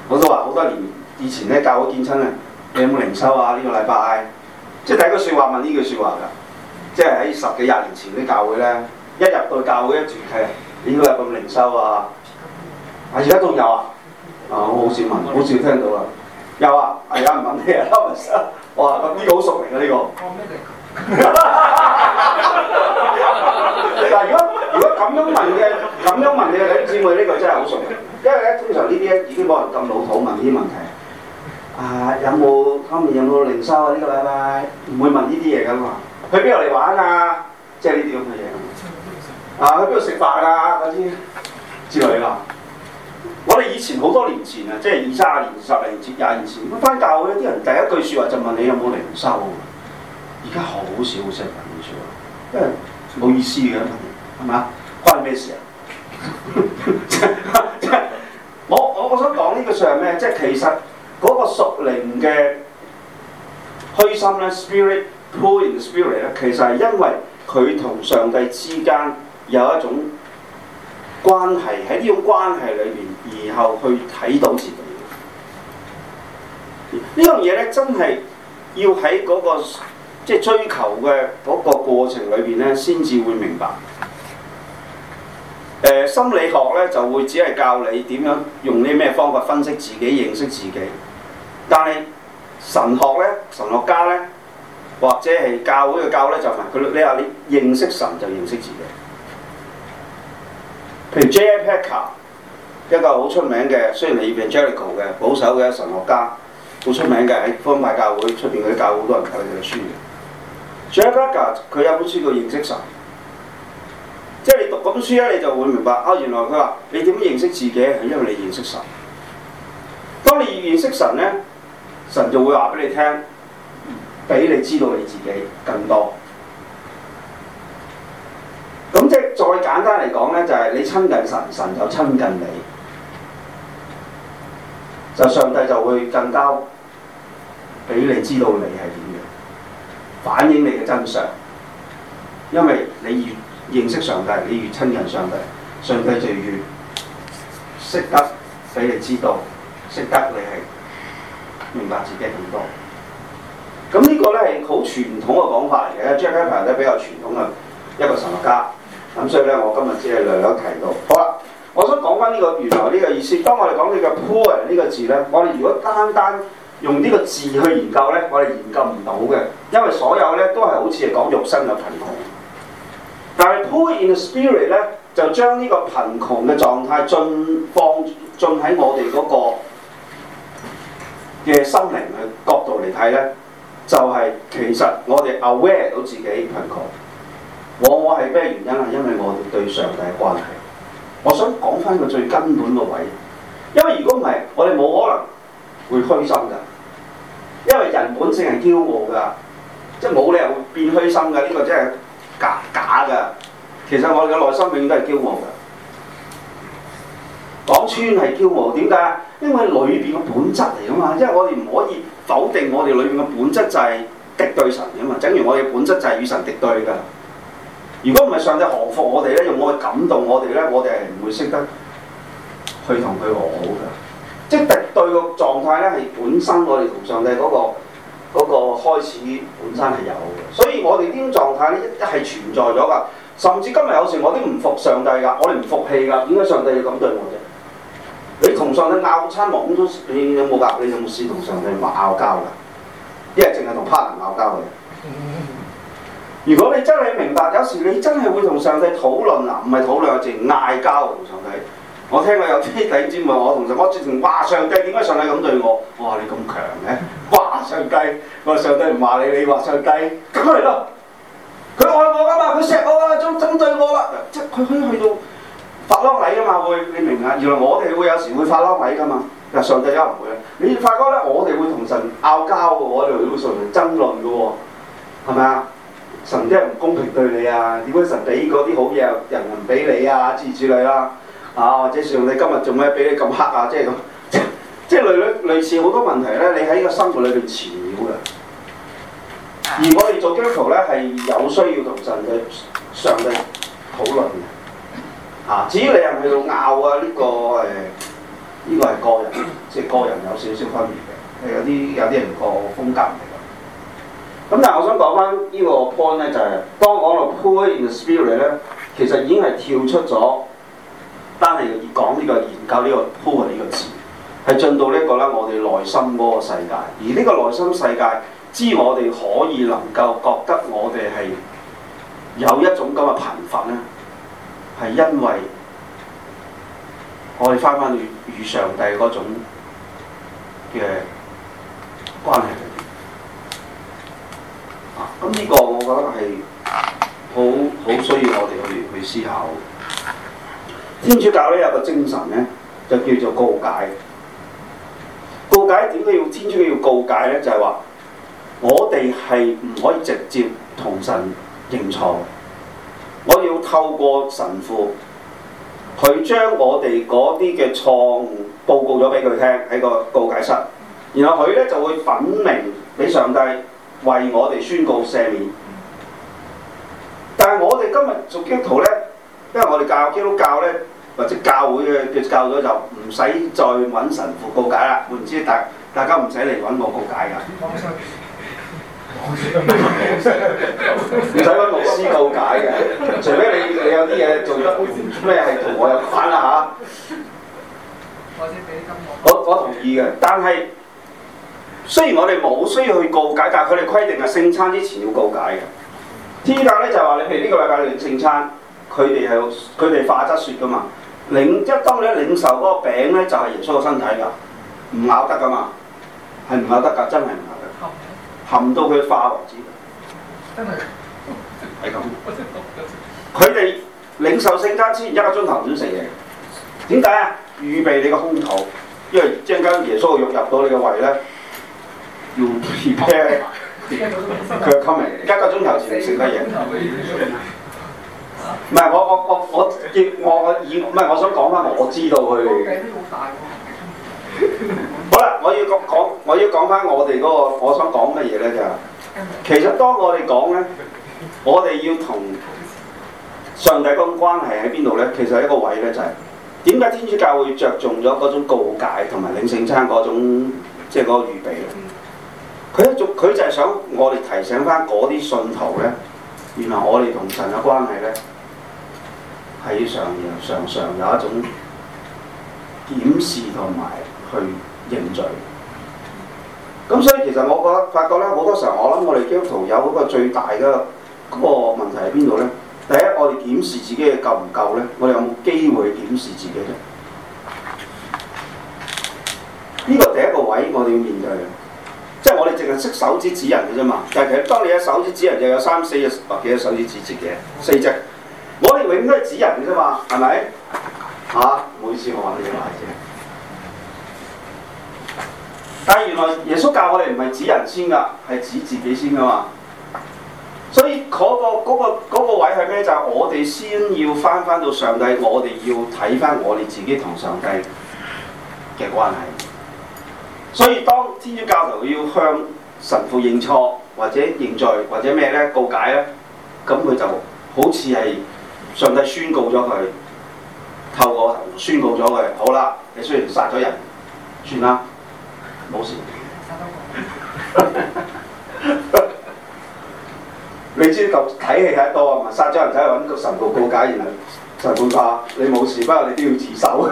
我都話好多年以前咧，教會見親啊，你有冇靈修啊？呢、這個禮拜，即係第一句説話問呢句説話㗎。即係喺十幾廿年前啲教會咧，一入到教會一住，你，應該有咁靈修啊。係而家仲有啊？啊，我好少問，好少聽到啊。有啊，而家唔問你啊，收咪收。哇，咁、這、呢個好熟嚟啊，呢、這個。咩嚟 嗱，如果如果咁樣問嘅，咁樣問嘅你啲姊妹呢個真係好熟，因為咧通常呢啲咧已經冇人咁老土問呢啲問題。啊，有冇方面有冇零收啊？呢個禮拜，唔會問呢啲嘢噶嘛。去邊度嚟玩啊？即係呢啲咁嘅嘢。啊，去邊度食飯啊？嗰啲之類㗎嘛。我哋以前好多年前啊，即係二卅年、十零年、廿年前，翻教會有啲人第一句説話就問你有冇零收。而家好少會識人咁説話，因為。冇意思嘅，係嘛？關咩事啊？即 係我我我想講呢個係咩？即係其實嗰個屬靈嘅虛心咧，spirit poor in spirit 咧，其實係因為佢同上帝之間有一種關係，喺呢種關係裏邊，然後去睇到自己。呢樣嘢咧，真係要喺嗰、那個。即追求嘅嗰個過程裏邊呢，先至會明白。誒、呃，心理學呢，就會只係教你點樣用啲咩方法分析自己、認識自己。但係神學呢，神學家呢，或者係教會嘅教會呢，就唔係佢你話你認識神就認識自己。譬如 J. Packer 一個好出名嘅，雖然嚟自 Jericho 嘅保守嘅神學家，好出名嘅喺方派教會出邊，佢教好多人睇佢嘅書嘅。j u n g c k g e r 佢有本書叫認識神，即係你讀嗰本書咧，你就會明白啊、哦！原來佢話你點樣認識自己係因為你認識神。當你認識神咧，神就會話俾你聽，俾你知道你自己更多。咁即係再簡單嚟講咧，就係、是、你親近神，神就親近你，就上帝就會更加俾你知道你係。反映你嘅真相，因為你越認識上帝，你越親近上帝。上帝就越識得俾你知道，識得你係明白自己更多。咁呢個咧係好傳統嘅講法嚟嘅，Jasper 咧比較傳統嘅一個神學家。咁所以咧，我今日只係略略提到。好啦，我想講翻呢個原來呢個意思。當我哋講呢個 poor 呢個字咧，我哋如果單單用呢個字去研究呢，我哋研究唔到嘅，因為所有呢都係好似係講肉身嘅貧窮。但係 poor in the spirit 呢，就將呢個貧窮嘅狀態進放進喺我哋嗰、那個嘅心靈嘅角度嚟睇呢，就係、係、其實我哋 aware 到自己貧窮。往往係咩原因啊？因為我哋對上帝嘅關係。我想講翻個最根本嘅位，因為如果唔係，我哋冇可能會虛心㗎。因為人本性係驕傲噶，即係冇理由會變虛心噶，呢個真係假假噶。其實我哋嘅內心永遠都係驕傲噶。講穿係驕傲，點解？因為裏邊嘅本質嚟啊嘛，因為我哋唔可以否定我哋裏邊嘅本質就係敵對神啊嘛。正如我哋本質就係與神敵對噶。如果唔係上帝降服我哋咧，用我嘅感動我哋咧，我哋係唔會識得去同佢和好噶。即係敵對個狀態呢，係本身我哋同上帝嗰個嗰個開始本身係有嘅，所以我哋呢種狀態呢，一係存在咗㗎。甚至今日有時我哋唔服上帝㗎，我哋唔服氣㗎，點解上帝要咁對我啫？你同上帝拗親都，你有冇話？你有冇試同上帝拗交㗎？一係淨係同 partner 拗交㗎。如果你真係明白，有時你真係會同上帝討論啊，唔係討論，係嗌交同上帝。我聽過有啲弟兄問我同神，我直情話上帝點解上帝咁對我？我話你咁強嘅、啊，話上帝，個上帝唔話你，你話上帝，梗係咯。佢愛我啊嘛，佢錫我啊，想針對我啦。即係佢可以去到發嬲米啊嘛，會你明啊？原來我哋會有時會發嬲米噶嘛。嗱，上帝有又唔會。你發覺咧，我哋會同神拗交嘅，我哋會同神爭論嘅，係咪啊？神即係唔公平對你啊？點解神俾嗰啲好嘢，人人唔俾你啊？諸如此類啦。啊！即係上帝今日做咩俾你咁黑啊？即係咁，即係類類似好多問題呢，你喺呢個生活裏邊遲秒噶。而我哋做基督徒呢係有需要同神嘅上帝討論嘅。啊！至於你係去到拗啊，呢、這個誒，呢、呃這個係個人，即、就、係、是、個人有少少分別嘅。有啲有啲人個風格嚟㗎。咁、嗯、但係我想講翻呢個 point 呢，就係、是、當講到 poor in the spirit 呢，其實已經係跳出咗。單係講呢個研究呢、呢個 poor 呢個字，係進到呢、這、一個啦，我哋內心嗰個世界。而呢個內心世界，知我哋可以能夠覺得我哋係有一種咁嘅貧乏咧，係因為我哋翻翻去與上帝嗰種嘅關係。啊，咁呢個我覺得係好好需要我哋去去思考。天主教咧有個精神咧，就叫做告解。告解點解要天主教要告解咧？就係、是、話我哋係唔可以直接同神認錯，我要透過神父，佢將我哋嗰啲嘅錯誤報告咗俾佢聽喺個告解室，然後佢咧就會稟明俾上帝為我哋宣告赦免。但係我哋今日做基督徒咧。因為我哋教基督教呢，或者教會嘅教咗就唔使再揾神父告解啦。我唔知大大家唔使嚟揾我告解噶，唔使揾牧師告解嘅。除非你你有啲嘢做得咩係同我有關啦嚇。我同意嘅，但係雖然我哋冇需要去告解，但係佢哋規定係，聖餐之前要告解嘅。天教呢，就話、是、你譬如，呢個禮拜你聖餐。聖餐佢哋係佢哋化質説噶嘛，領，即係當你一領受嗰個餅咧，就係耶穌嘅身體㗎，唔咬得噶嘛，係唔咬得㗎，真係唔咬得，含到佢化為止，真係係咁。佢哋領受聖餐之前一個鐘頭唔準食嘢，點解啊？預備你個空肚，因為陣間耶穌嘅肉入到你嘅胃咧。用 P K，佢 comment 一個鐘頭前食乜嘢？唔係我我我我要我我以唔係我想講翻，我知道佢。好啦，我要講我要講翻我哋嗰個，我想講乜嘢咧就，其實當我哋講咧，我哋要同上帝嗰種關係喺邊度咧？其實一個位咧就係、是，點解天主教會着重咗嗰種告解同埋領聖餐嗰種即係嗰個預備咧？佢一種佢就係想我哋提醒翻嗰啲信徒咧。原來我哋同神嘅關係呢，係常常常有一種檢視同埋去認罪。咁所以其實我覺得發覺呢好多時候我諗我哋基督徒有嗰個最大嘅嗰個問題喺邊度呢？第一，我哋檢視自己嘅夠唔夠呢？我哋有冇機會檢視自己呢？呢個第一個位，我哋要面對。即係我哋淨係識手指指人嘅啫嘛，但係其實當你嘅手指指人就有三四隻或幾隻手指指節嘅，四隻，我哋永遠都係指人嘅啫嘛，係咪？吓、啊，唔好意思，我話你啫。但係原來耶穌教我哋唔係指人先噶，係指自己先噶嘛。所以嗰、嗰個、嗰個、嗰個位係咩？就係、係、我哋先要翻翻到上帝，我哋要睇翻我哋自己同上帝嘅關係。所以當天主教徒要向神父認錯，或者認罪，或者咩咧告解咧、啊，咁佢就好似係上帝宣告咗佢，透過宣告咗佢，好啦，你雖然殺咗人，算啦，冇事。 你知咁睇戲睇得多啊嘛，殺咗人走去揾個神父告解而係。然後神會怕你冇事，不過你都要自首。啊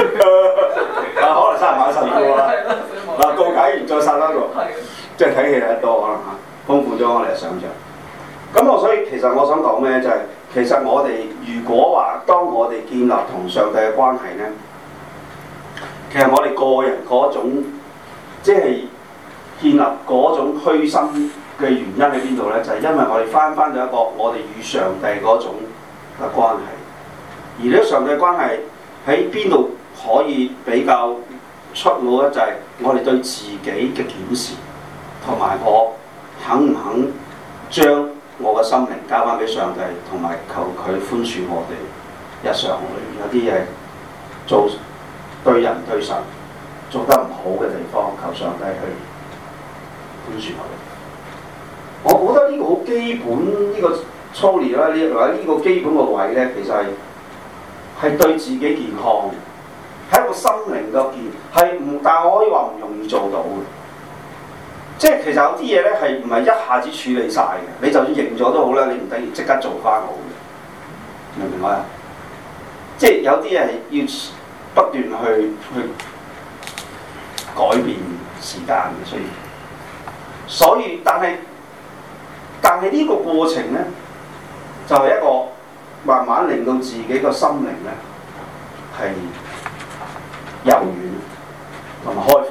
可能卅萬神嘅話，嗱告解完再殺的多個，即係睇戲睇得多可能嚇，豐富咗我哋嘅想像。咁我所以其實我想講咩就係、是，其實我哋如果話當我哋建立同上帝嘅關係咧，其實我哋個人嗰種即係、就是、建立嗰種虛心嘅原因喺邊度咧？就係、是、因為我哋返返到一個我哋與上帝嗰種。嘅關係，而呢上帝關係喺邊度可以比較出我咧，就係、是、我哋對自己嘅檢視，同埋我肯唔肯將我嘅心靈交翻俾上帝，同埋求佢寬恕我哋日常裏面有啲嘢做對人對神做得唔好嘅地方，求上帝去寬恕我哋。我覺得呢個好基本呢、這個。操練啦，呢個呢個基本個位咧，其實係係對自己健康，係一個心靈嘅健，係唔但我可以話唔容易做到嘅。即係其實有啲嘢咧係唔係一下子處理晒嘅。你就算認咗都好啦，你唔等於即刻做翻好，明唔明啊？即係有啲嘢係要不斷去去改變時間嘅，所以所以但係但係呢個過程咧。就係一個慢慢令到自己個心靈咧係柔軟同埋開放，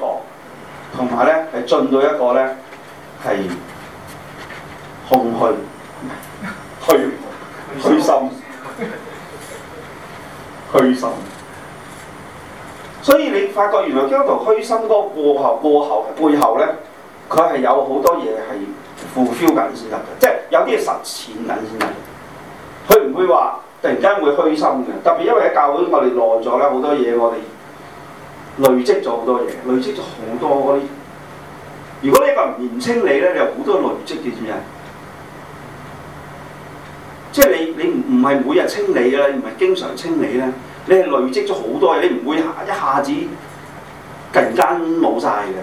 同埋咧係進到一個咧係空虛、虛虛心、虛心，心。所以你發覺原來呢一套虛心嗰個過後、過後嘅背後咧，佢係有好多嘢係 fulfill 緊先得嘅，即係有啲嘢實踐緊先得。唔會話突然間會虛心嘅，特別因為喺教會我哋耐咗咧，好多嘢我哋累積咗好多嘢，累積咗好多嗰啲。如果呢個唔清理咧，你有好多累積嘅知唔知啊？即係你你唔唔係每日清理咧，唔係經常清理咧，你係累積咗好多嘢，你唔會一下，一下子突然間冇晒嘅。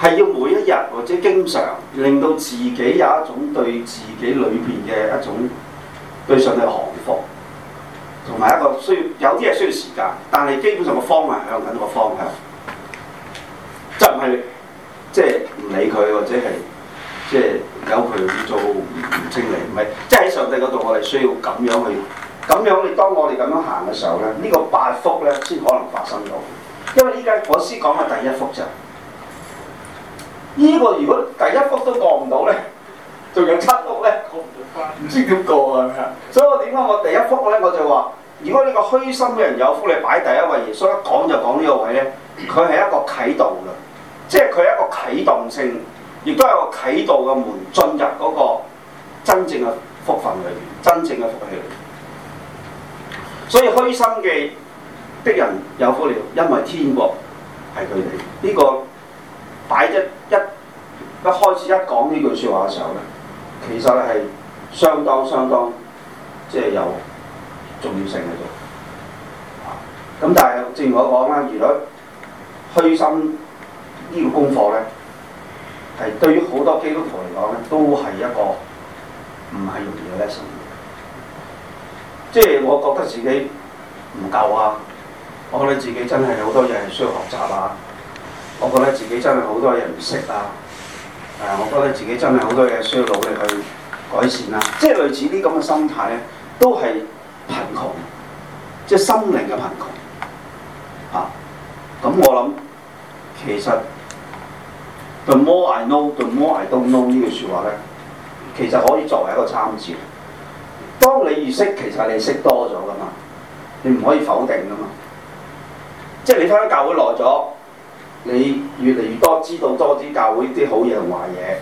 係要每一日或者經常令到自己有一種對自己裏邊嘅一種。對上帝嘅降服，同埋一個需要有啲嘢需要時間，但係基本上個方向係向緊個方向，就唔係即係唔理佢，或者係即係由佢做唔清理，唔係即係喺上帝嗰度，我哋需要咁樣去，咁樣你當我哋咁樣行嘅時候咧，呢個八福咧先可能發生到，因為依家我先講嘅第一福就，呢個如果第一福都過唔到咧。仲有七福咧，唔知點過啊！ 所以我點解我第一福咧，我就話：如果呢個虛心嘅人有福，你擺第一位。耶穌一講就講呢個位咧，佢係一個啟動啦，即係佢係一個啟動性，亦都係一個啟動嘅門進入嗰個真正嘅福分裏邊，真正嘅福氣裏邊。所以虛心嘅啲人有福了，因為天國係佢哋。呢個擺一一一開始一講呢句説話嘅時候咧。其實咧係相當相當，即係有重要性喺度。咁但係正如我講啦，如果虛心呢個功課咧，係對於好多基督徒嚟講咧，都係一個唔係容易嘅 lesson。即係我覺得自己唔夠啊！我覺得自己真係好多嘢係需要學習啊！我覺得自己真係好多嘢唔識啊！誒，我覺得自己真係好多嘢需要努力去改善啦，即係類似啲咁嘅心態咧，都係貧窮，即係心靈嘅貧窮。嚇、啊，咁我諗其實 The more I know, the more I don't know 句呢句説話咧，其實可以作為一個參照。當你認識其實你識多咗噶嘛，你唔可以否定噶嘛。即係你返去教會耐咗。你越嚟越多知道多啲教會啲好嘢同壞嘢，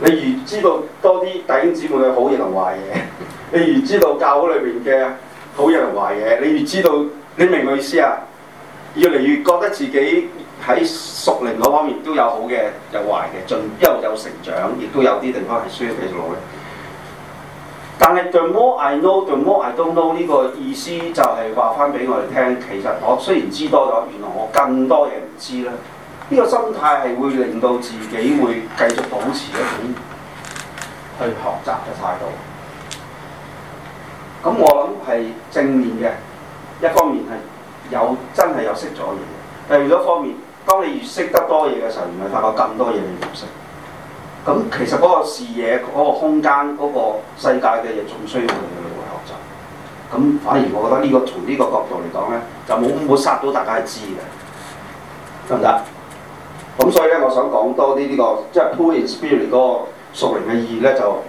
你越知道多啲弟兄姊妹嘅好嘢同壞嘢，你越知道教會裏面嘅好嘢同壞嘢，你越知道你明我意思啊？越嚟越覺得自己喺屬靈嗰方面都有好嘅，有壞嘅進，又有成長，亦都有啲地方係需要繼續努力。但係 the more I know，the more I don't know 呢個意思就係話翻俾我哋聽，其實我雖然知多咗，原來我更多嘢唔知啦。呢個心態係會令到自己會繼續保持一種去學習嘅態度。咁我諗係正面嘅，一方面係有真係有識咗嘢，但係另一方面，當你越識得多嘢嘅時候，原來發覺更多嘢你唔識。咁其實嗰個視野、嗰個空間、嗰個世界嘅嘢，仲需要我哋去學習。咁反而我覺得呢個從呢個角度嚟講咧，就冇冇殺到大家嘅志嘅，得唔得？咁所以呢，我想講多啲呢、這個，即係 poor in spirit 嗰個屬靈嘅意義呢，就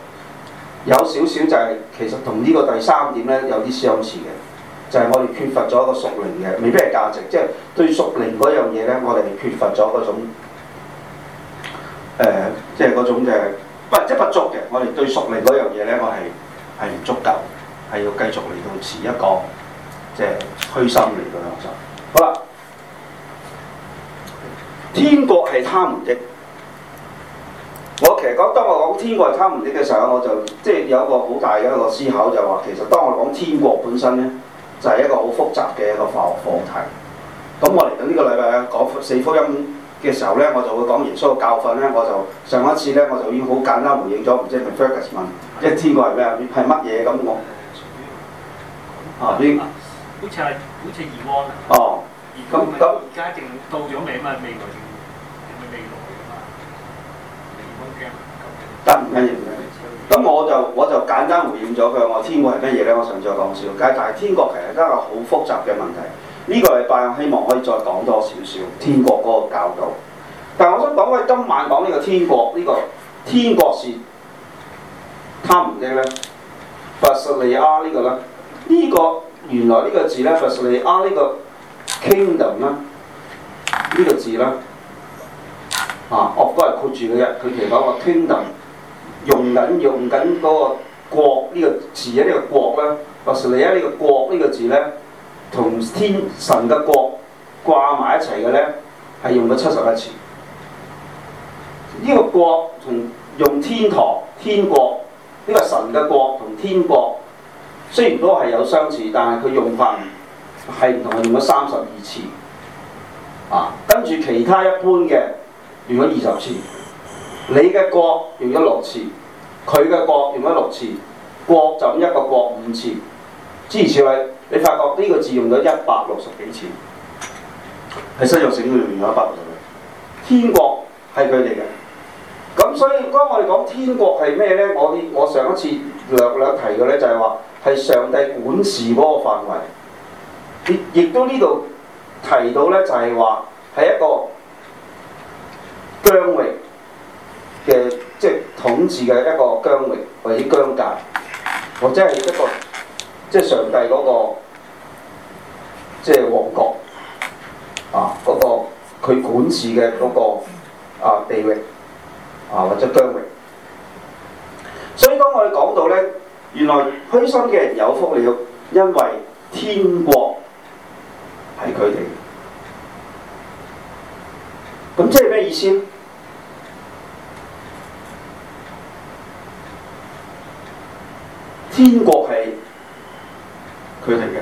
有少少就係、是、其實同呢個第三點呢有啲相似嘅，就係、是、我哋缺乏咗一個屬靈嘅，未必係價值，即、就、係、是、對屬靈嗰樣嘢呢，我哋係缺乏咗嗰種誒，即係嗰種嘅，不一、就是、不足嘅。我哋對屬靈嗰樣嘢呢，我係係唔足夠，係要繼續嚟到持一個即係、就是、虛心嚟嘅學習。好啦。天國係他們的。我其實講當我講天國係他們的嘅時候，我就即係有一個好大嘅一個思考，就話、是、其實當我講天國本身呢，就係、是、一個好複雜嘅一個化學課題。咁、嗯、我嚟緊呢個禮拜講四福音嘅時候呢，我就會講耶穌嘅教訓呢，我就上一次呢，我就已經好簡單回應咗，唔知係咪 focus 問，即係天國係咩？係乜嘢？咁我啊啲、嗯、好似係好似異邦。哦。咁咁而家定到咗未啊？未來仲係未來唔好驚。得唔咁我就我就簡單回應咗佢。我話天國係乜嘢咧？我想再講少，但係天國其實真係好複雜嘅問題。呢、這個禮拜我希望可以再講多少少天國嗰個教導。但係我想講，我今晚講呢個天國呢、這個天國是他唔精咧？巴勢利亞個呢、這個咧？呢個原來呢個字咧？巴勢利亞呢、這個。kingdom 啦，呢個字啦，啊，我都係括住嘅啫。佢其實個 kingdom 用緊用緊嗰個、這個這個國呢個字啊，呢個國咧，或是你喺呢個國呢、這個字咧，同天神嘅國掛埋一齊嘅咧，係用咗七十一次。呢、這個國同用天堂、天國呢、這個神嘅國同天國雖然都係有相似，但係佢用法。唔。係唔同，用咗三十二次啊！跟住其他一般嘅用咗二十次，你嘅國用咗六次，佢嘅國用咗六次，國就咁一個國五次，諸如此類。你發覺呢個字用咗一百六十幾次，喺《新約聖經》都用咗一百六十幾次。天國係佢哋嘅，咁所以當我哋講天國係咩呢？我我上一次略略提過呢，就係話係上帝管事嗰個範圍。亦都呢度提到咧，就係話係一個疆域嘅，即係統治嘅一個疆域或者疆界，或者係一個即係、就是、上帝嗰、那個即係王國啊嗰、那個佢管治嘅嗰個啊地域啊或者疆域，所以當我哋講到咧，原來虛心嘅人有福了，因為天國係佢哋，咁即係咩意思？天國係佢哋嘅，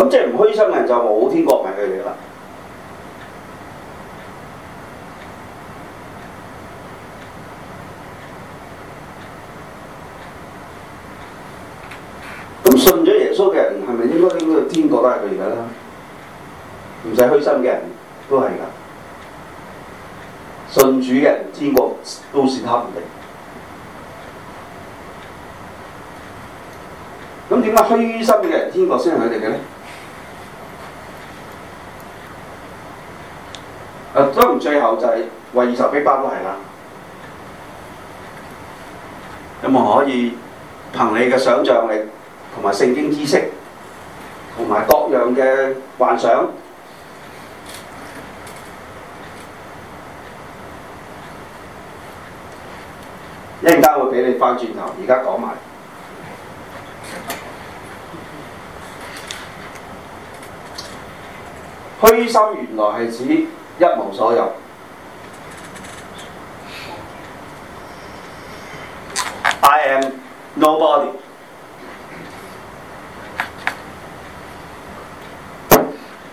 咁即係唔虛心人就冇天國，係佢哋啦。天國都係佢哋嘅啦，唔使虛心嘅人都係噶，信主嘅人天國都是他們嘅。咁點解虛心嘅人，人天國先係佢哋嘅咧？誒，得完、啊、最後就係為二十比八都係啦。咁我可以憑你嘅想象力同埋聖經知識。同埋各樣嘅幻想，一陣間會俾你翻轉頭。而家講埋虛心，原來係指一無所有。I am nobody。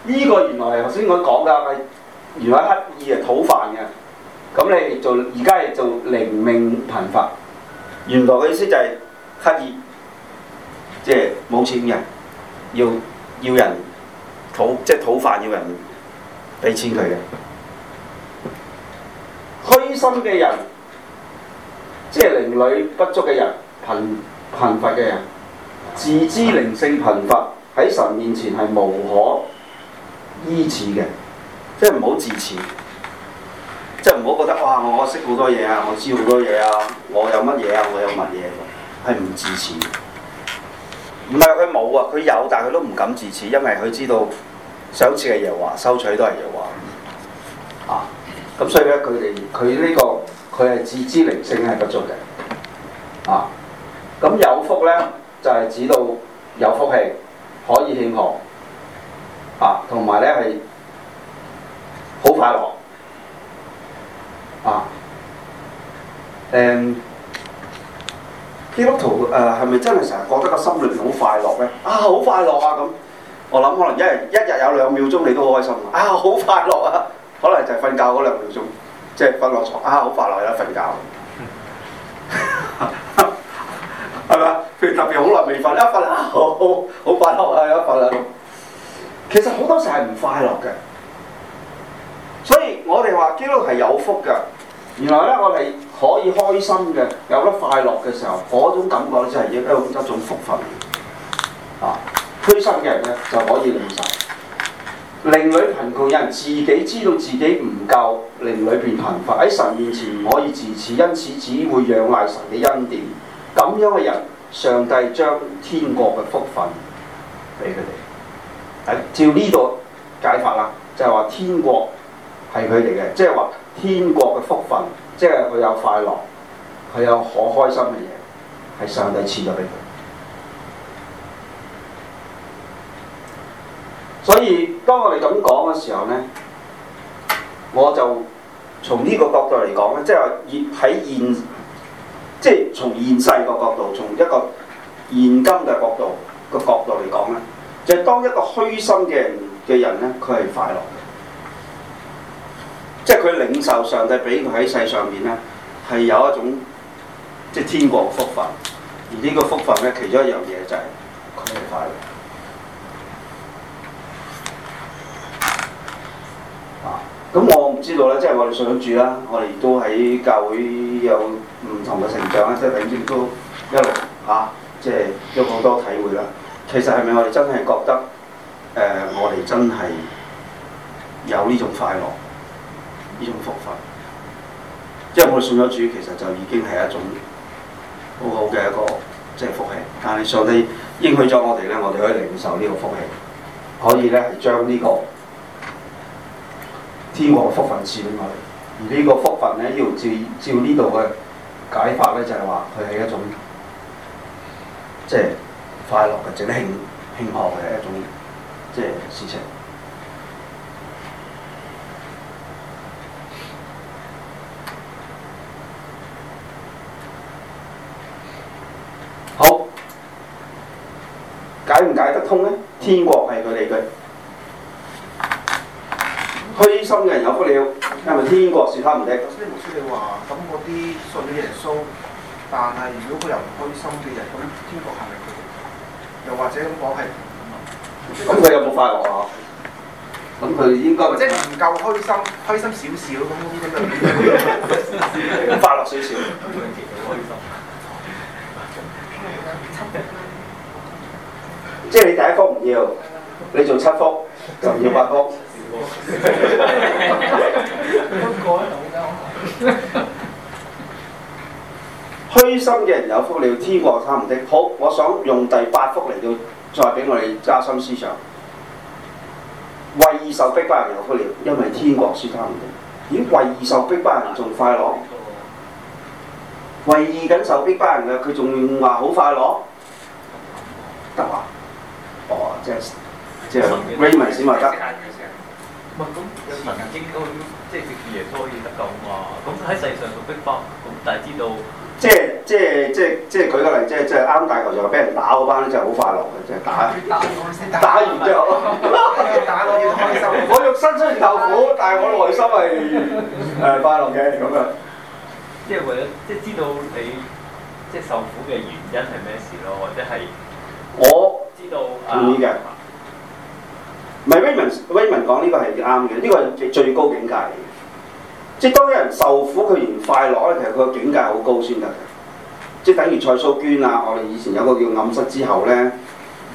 呢個原來係頭先我講噶，係原來乞兒係討飯嘅。咁你做而家係做靈命貧乏，原來嘅意思就係、是、乞兒，即係冇錢嘅，要要人討，即係討飯要人俾錢佢嘅。虛心嘅人，即係靈裡不足嘅人，貧貧乏嘅人，自知靈性貧乏喺神面前係無可依此嘅，即係唔好自恃，即係唔好覺得哇！我識好多嘢啊，我知好多嘢啊，我有乜嘢啊，我有乜嘢，係唔自恃。唔係佢冇啊，佢有，有，但係佢都唔敢自恃，因為佢知道賞賜係耶華，收取都係耶華。咁、啊、所以咧，佢哋佢呢個佢係自知靈性係不足嘅。啊，咁有福呢，就係、是、指到有福氣可以慶賀。啊，同埋咧係好快樂啊！誒，基督徒誒係咪真係成日覺得個心裏邊好快樂咧？啊，好快樂啊！咁我諗可能一日一日有兩秒鐘你都好開心，啊，好快樂啊！可能就係瞓覺嗰兩秒鐘，即係瞓落床。啊，好快樂啦，瞓覺。係咪啊？譬如特別好耐未瞓，一瞓好好快樂啊，一瞓啊。 是其實好多時係唔快樂嘅，所以我哋話基督係有福嘅。原來咧，我哋可以開心嘅，有得快樂嘅時候，嗰種感覺咧就係應該有一種福分。啊，虛心嘅人咧就可以領受。靈裡貧窮人自己知道自己唔夠，靈裡變貧乏喺神面前唔可以自恃，因此只會仰賴神嘅恩典。咁樣嘅人，上帝將天國嘅福分俾佢哋。係，照呢個解法啦，就係話天國係佢哋嘅，即係話天國嘅福分，即係佢有快樂，佢有可開心嘅嘢，係上帝賜咗俾佢。所以當我哋咁講嘅時候咧，我就從呢個角度嚟講咧，即係現喺現，即係從現世個角度，從一個現今嘅角度個角度嚟講咧。就係當一個虛心嘅人嘅人咧，佢係快樂嘅，即係佢領受上帝俾佢喺世上面呢，係有一種即係天國福分。而呢個福分呢，其中一樣嘢就係佢係快樂。咁、啊、我唔知道呢，即係我哋想住啦，我哋都喺教會有唔同嘅成長啦，即係總之都一路嚇、啊，即係有好多體會啦。其實係咪我哋真係覺得誒、呃，我哋真係有呢種快樂，呢種福分。因為我哋信咗主，其實就已經係一種好好嘅一個即係、就是、福氣。但係上帝應許咗我哋咧，我哋可以領受呢個福氣，可以咧係將呢將個天國嘅福分賜俾我哋。而呢個福分咧，要照照呢度嘅解法咧，就係話佢係一種即係。就是快樂或者得慶慶賀嘅一種即係事情。好，解唔解得通咧？天國係佢哋嘅，虛心嘅人有福了，係咪天，國天，天國是他唔的？話咁嗰啲信耶穌，但係如果佢又唔虛心嘅人，咁天國係咪佢？又或者咁講係，咁佢有冇快樂啊？咁佢應該即係唔夠開心，開心少少咁咁樣，咁快樂少少。冇人提到開心，即係你第一幅唔要，你做七幅就唔要八幅。不過咧，仲 有。 虛心嘅人有福了，天國差唔多。好，我想用第八福嚟到再俾我哋加深思想。為義受逼迫人有福了，因為天國輸差唔多。咦，為義受逼迫人仲快樂？為義緊受逼迫人嘅佢仲話好快樂。得華，哦，即係即係 Raymond 先話得。唔係咁，有、嗯、神經都即係食嘢都可以得救嘛。咁喺世上受逼迫，咁但係知道。即係即係即係即係舉個例，即係即係啱打球就俾人打嗰班咧，真係好快樂嘅，即係打打完之後，打我要開心。我肉身雖然受苦，但係我內心係誒快樂嘅咁樣。即係為咗即係知道你即係受苦嘅原因係咩事咯，或者係我知道同意嘅。唔係威文威文講呢個係啱嘅，呢個係最高境界。即當啲人受苦，佢唔快樂咧，其實佢個境界好高先得。即等於蔡蘇娟啊，我哋以前有個叫暗室之後咧，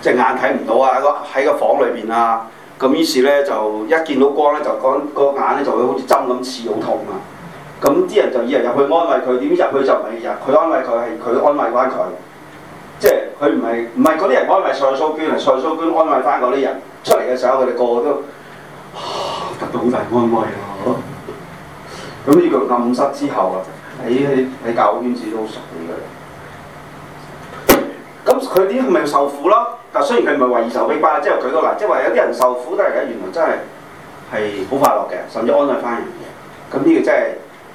隻眼睇唔到啊，喺個房裏邊啊，咁於是呢，就一見到光呢，就個、嗰個眼呢就會好似針咁刺，好痛啊！咁啲人就以為入去安慰佢，點入去就唔係入，佢安慰佢係佢安慰翻佢。即佢唔係唔係嗰啲人安慰蔡蘇娟啊，蔡蘇娟安慰翻嗰啲人出嚟嘅時候，佢哋個個都得到好大安慰啊！咁呢個暗室之後啊，喺喺喺教會圈子都好熟嘅。咁佢哋咪受苦咯？但雖然佢唔係話二受逼迫，即係舉個例，即係話有啲人受苦都係而家原來真係係好快樂嘅，甚至安慰翻人嘅。咁呢個真係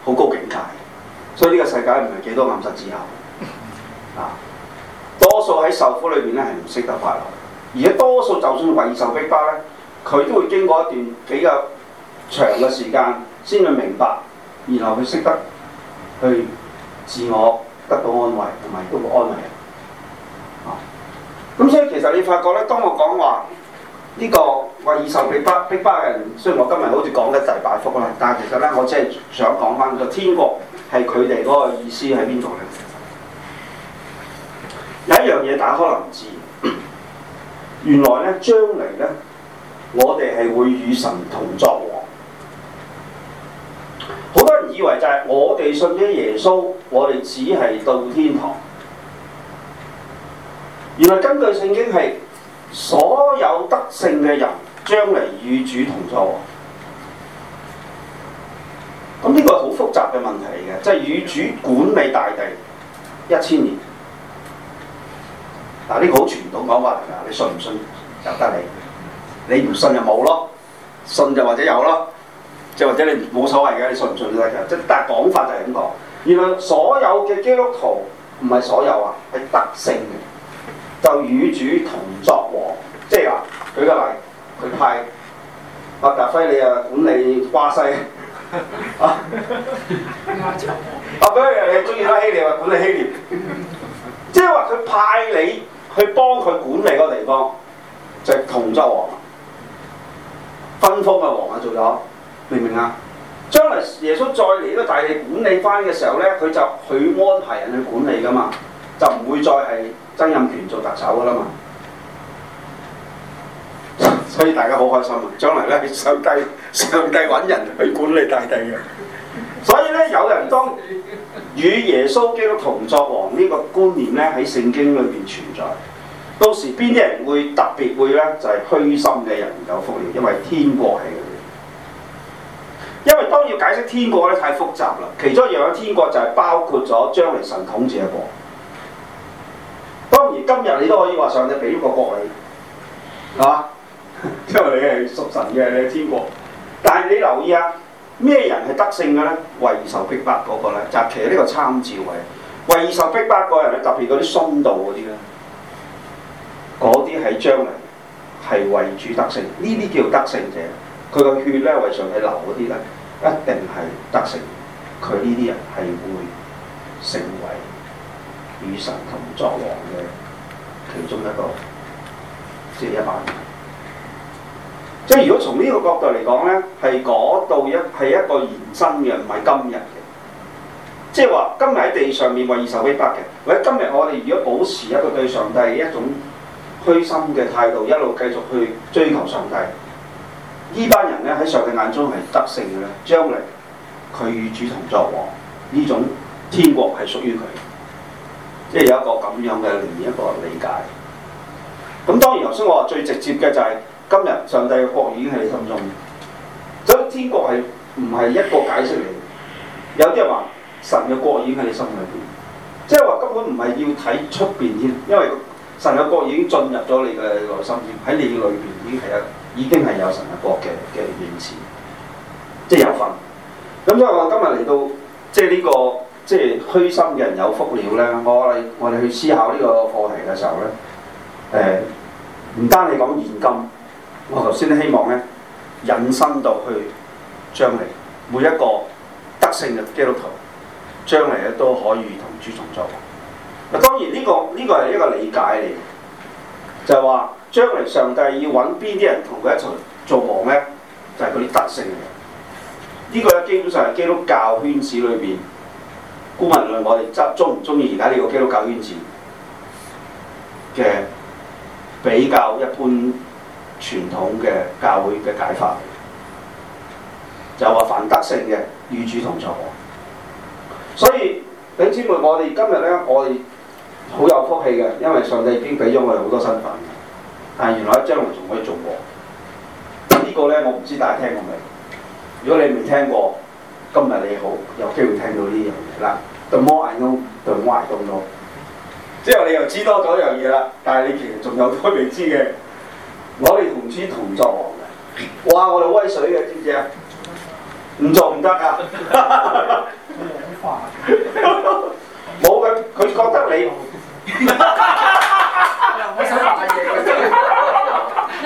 好高境界。所以呢個世界唔係幾多暗室之後啊！多數喺受苦裏邊咧係唔識得快樂，而且多數就算為受逼迫咧，佢都會經過一段比較長嘅時間先去明白。然後佢識得去自我得到安慰，同埋得到安慰咁、啊、所以其實你發覺咧，當我講話呢、呢個為受逼迫逼迫人，雖然我今日好似講緊第八福啦，但係其實咧，我真係想講翻個天國係佢哋嗰個意思喺邊度咧？有一樣嘢大家可能唔知，原來咧將嚟咧，我哋係會與神同作以為就係我哋信咗耶穌，我哋只係到天堂。原來根據聖經係所有得勝嘅人，將嚟與主同坐。咁、這、呢個係好複雜嘅問題嚟嘅，即係與主管理大地一千年。嗱，呢個好傳統講法嚟噶，你信唔信由得你，你唔信就冇咯，信就或者有咯。即係或者你冇所謂嘅，你信唔信都得嘅。即係但係講法就係咁講。原來所有嘅基督徒唔係所有啊，係得勝嘅。就與主同作王，即係話。舉個例，佢派阿、啊、達西你啊管理瓜西啊。阿長、 啊，阿、啊、比利你，你中意阿希利啊管理希利，即係話佢派你去幫佢管理嗰個地方，就是、同作王，分封嘅王啊做咗。明唔明啊？將來耶穌再嚟呢個大地管理翻嘅時候咧，佢就佢安排人去管理㗎嘛，就唔會再係曾蔭權做特首㗎啦嘛。 所以大家好開心啊！將來咧，上帝上帝揾人去管理大地嘅。 所以咧，有人當與耶穌基督同作王呢個觀念咧喺聖經裏邊存在。到時邊啲人會特別會咧？就係、是、虛心嘅人有福了，因為天國係。因為當要解釋天國咧太複雜啦，其中一樣嘅天國就係包括咗將來神統治嘅國。當然今日你都可以話上帝俾咗個國你，係嘛？ 因為你係屬神嘅，天國。但係你留意啊，咩人係得勝嘅咧？為受逼迫嗰、那個咧，就係、是、其實呢個參照位，為受逼迫嗰人咧，特別嗰啲殉道嗰啲咧，嗰啲喺將來係為主得勝，呢啲叫得勝者，佢個血咧為上帝流嗰啲咧。一定係得成，佢呢啲人係會成為與神同作王嘅其中一個之一百人。即係如果從呢個角度嚟講咧，係嗰度一係一個延伸嘅，唔係今日嘅。即係話今日喺地上面為二十幾百嘅，或者今日我哋如果保持一個對上帝一種虛心嘅態度，一路繼續去追求上帝。呢班人咧喺上帝眼中係得勝嘅咧，將嚟佢與主同作王，呢種天國係屬於佢，即係有一個咁樣嘅另一個理解。咁當然頭先我話最直接嘅就係、是、今日上帝嘅國已經喺你心中，所以天國係唔係一個解釋嚟？有啲人話神嘅國已經喺你心裏邊，即係話根本唔係要睇出邊添，因為神嘅國已經進入咗你嘅內心添。喺你裏邊已經係一。已經係有神一個嘅嘅應許，即係有份。咁所以我今日嚟到，即係呢、這個即係虛心嘅人有福了咧。我我哋去思考呢個課題嘅時候咧，誒、呃、唔單係講現今，我頭先都希望咧引申到去將嚟每一個得勝嘅基督徒，將嚟咧都可以同主同坐。嗱當然呢、這個呢、這個係一個理解嚟嘅，就係、是、話。將嚟上帝要揾邊啲人同佢一齊做王咧，就係佢啲德性嘅。呢、這個喺基本上係基督教圈子裏邊，顧問論我哋執中唔中意而家呢個基督教圈子嘅比較一般傳統嘅教會嘅解法，就話凡德性嘅與主同坐。所以弟兄姊妹，我哋今日咧，我哋好有福氣嘅，因為上帝已經俾咗我哋好多身份。但原來喺張龍仲可以做過，呢個咧我唔知大家聽過未？如果你未聽過，今日你好有機會聽到呢樣嘢啦。The more I know, the more I don't know。之後你又知多咗一樣嘢啦，但係你其實仲有好多未知嘅。我哋同知同作王嘅，哇！我哋威水嘅知唔知不不啊？唔做唔得㗎！冇佢，佢覺得你。係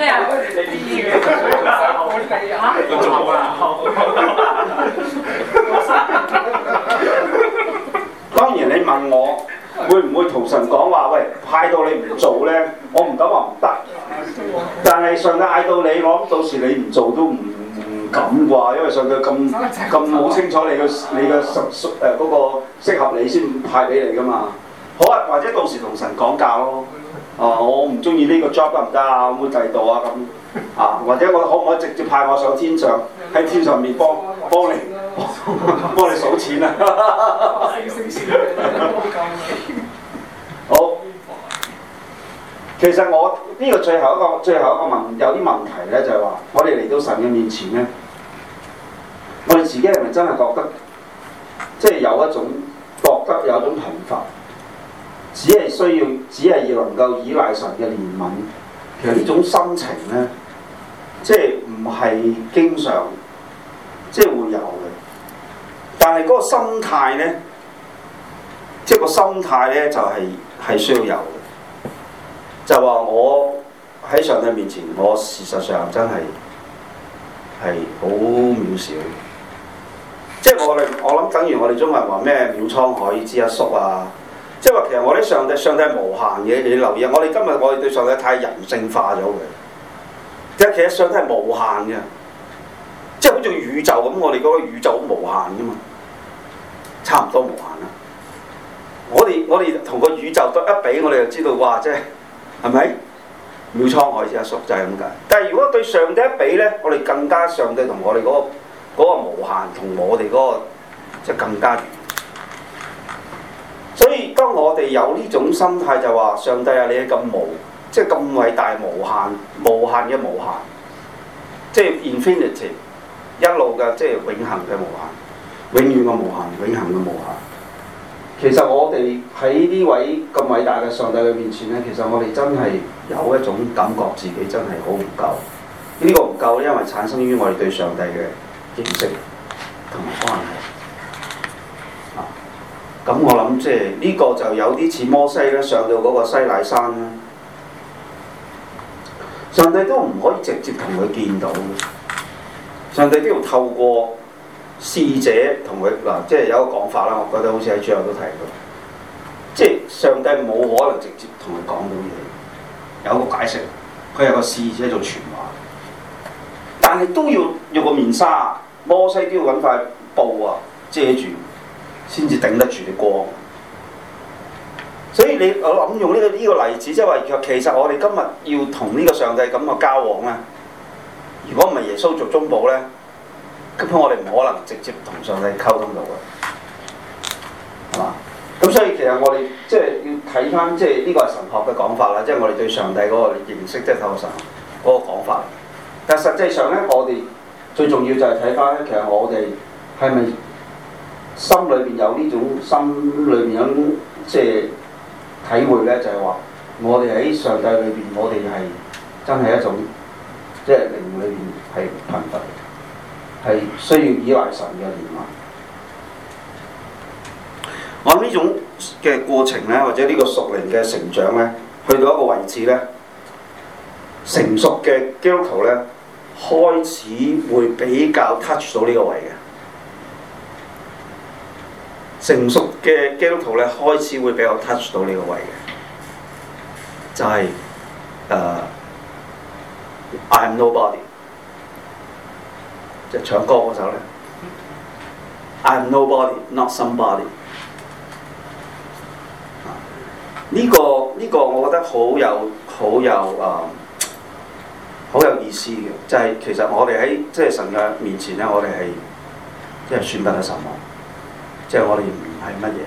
當然你問我，會唔會同神講話？喂，派到你唔做呢？我唔敢話唔得。但係上帝嗌到你，我諗到時你唔做都唔敢啩，因為上帝咁咁好清楚你個你個合誒嗰個適合你先派俾你㗎嘛。好啊，或者到時同神講價咯。啊！我唔中意呢個 job 得唔得啊？會唔會制度啊咁啊？或者我可唔可以直接派我上天上喺 天上面幫幫你幫你， 幫你數錢啊？ 好，其實我呢、這個最後一個最後一個問有啲問題呢，就係、是、話我哋嚟到神嘅面前呢，我哋自己係咪真係覺得即係有一種覺得有一種貧乏？只係需要，只係要能夠依賴神嘅憐憫。其實的呢種心情咧，即係唔係經常，即係會有嘅。但係嗰個心態咧，即係個心態咧，就係係需要有嘅。就話我喺上帝面前，我事實上真係係好渺小。即係我哋，我諗等於我哋中文話咩？「渺滄海之一粟」啊！即係話其實我哋上帝上帝係無限嘅，你留意下，我哋今日我哋對上帝太人性化咗佢。即係其實上帝係無限嘅，即係好似宇宙咁，我哋嗰個宇宙好無限噶嘛，差唔多無限啦。我哋我哋同個宇宙對一比，我哋就知道哇，即係係咪渺滄海先啊？叔就係咁解。但係如果對上帝一比咧，我哋更加上帝同我哋嗰、嗰個嗰、嗰個、無限同我哋嗰、嗰個即係更加。我哋有呢種心態就話上帝啊，你係咁無，即係咁偉大無限，無限嘅無限，即係 infinity，一路嘅即係永恒嘅無限，永遠嘅無限，永恒嘅無限。其實我哋喺呢位咁偉大嘅上帝嘅面前咧，其實我哋真係有一種感覺自己真係好唔夠。呢個唔夠，因為產生於我哋對上帝嘅認識同埋關係。咁我諗即係呢個就有啲似摩西咧，上到嗰個西乃山咧，上帝都唔可以直接同佢見到，上帝都要透過侍者同佢嗱，即係有一個講法啦，我覺得好似喺最後都提到，即係上帝冇可能直接同佢講到嘢，有一個解釋，佢有個侍者做傳話，但係都要用個面紗，摩西都要搵塊布啊遮住。先至頂得住啲光，所以你我諗用呢個呢個例子，即係話其實我哋今日要同呢個上帝咁嘅交往咧，如果唔係耶穌做中保呢，根本我哋唔可能直接同上帝溝通到嘅，係嘛？咁所以其實我哋即係要睇返，即係呢個係神學嘅講法啦，即係我哋對上帝嗰個認識，即係透過神嗰個講法。但實際上呢，我哋最重要就係睇返，其實我哋係咪？心裏邊有呢種心裏邊有即係體會呢，就係話我哋喺上帝裏邊，我哋係真係一種即係靈裏邊係貧乏，係需要倚賴神嘅憐憫。我諗呢種嘅過程呢，或者呢個屬靈嘅成長呢，去到一個位置呢，成熟嘅基督徒呢，開始會比較 touch 到呢個位嘅。成熟嘅基督徒咧，開始會比較 touch 到呢個位嘅，就係、是、誒、uh, I'm nobody，即係唱歌嗰首咧，I'm nobody, not somebody、啊。呢、這個呢、這個我覺得有好有好有誒好有意思嘅，就係、是、其實我哋喺即係神嘅面前咧，我哋係即係算不得什麼。即係我哋唔係乜嘢，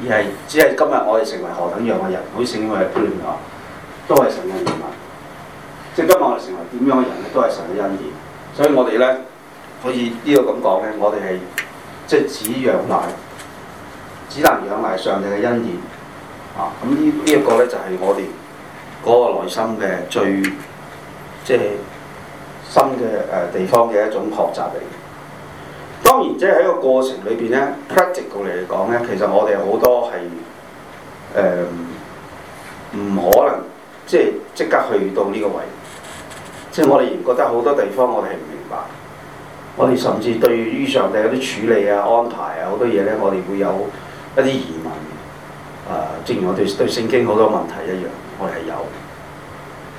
而係只係今日我哋成為何等樣嘅人，好似 我哋不斷話，都係神嘅恩典。即係今日我哋成為點樣嘅人都係神嘅恩典。所以我哋咧，可以呢個咁講咧，我哋係即係只仰賴，只能仰賴上帝嘅恩典。啊，咁呢呢一個咧就係我哋嗰個內心嘅最即係深嘅誒地方嘅一種學習嚟。當然，即係喺個過程裏邊呢，practical 嚟講呢，其實我哋好多係誒唔可能即係即刻去到呢個位。即係我哋覺得好多地方我哋係唔明白，我哋甚至對於上帝嗰啲處理啊、安排啊好多嘢呢，我哋會有一啲疑問。啊、呃，正如我哋對聖經好多問題一樣，我哋係有。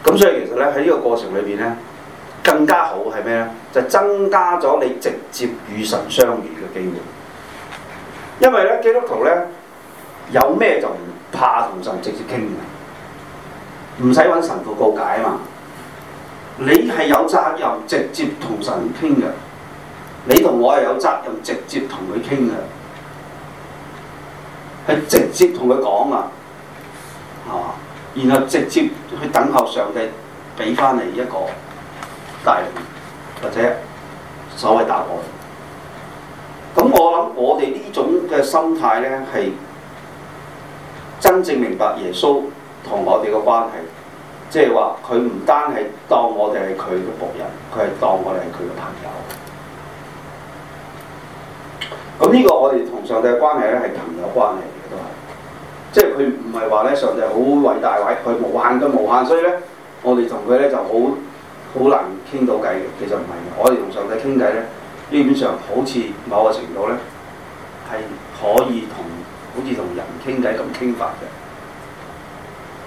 咁所以其實呢，喺呢個過程裏邊呢。更加好係咩咧？就增加咗你直接與神相遇嘅機會。因為咧，基督徒咧，有咩就唔怕同神直接傾嘅，唔使搵神父告解啊嘛。你係有責任直接同神傾嘅，你同我係有責任直接同佢傾嘅，係直接同佢講啊，係嘛？然後直接去等候上帝俾翻你一個。大人或者所謂大個，咁我諗我哋呢種嘅心態呢，係真正明白耶穌同我哋嘅關係，即係話佢唔單係當我哋係佢嘅僕人，佢係當我哋係佢嘅朋友。咁呢個我哋同上帝嘅關係呢，係朋友關係嚟嘅，都係，即係佢唔係話咧上帝好偉大或者佢無限嘅無限，所以呢，我哋同佢呢就好。好難傾到偈，嘅，其實唔係嘅。我哋同上帝傾偈呢，基本上好似某個程度呢，係可以同好似同人傾偈咁傾法嘅。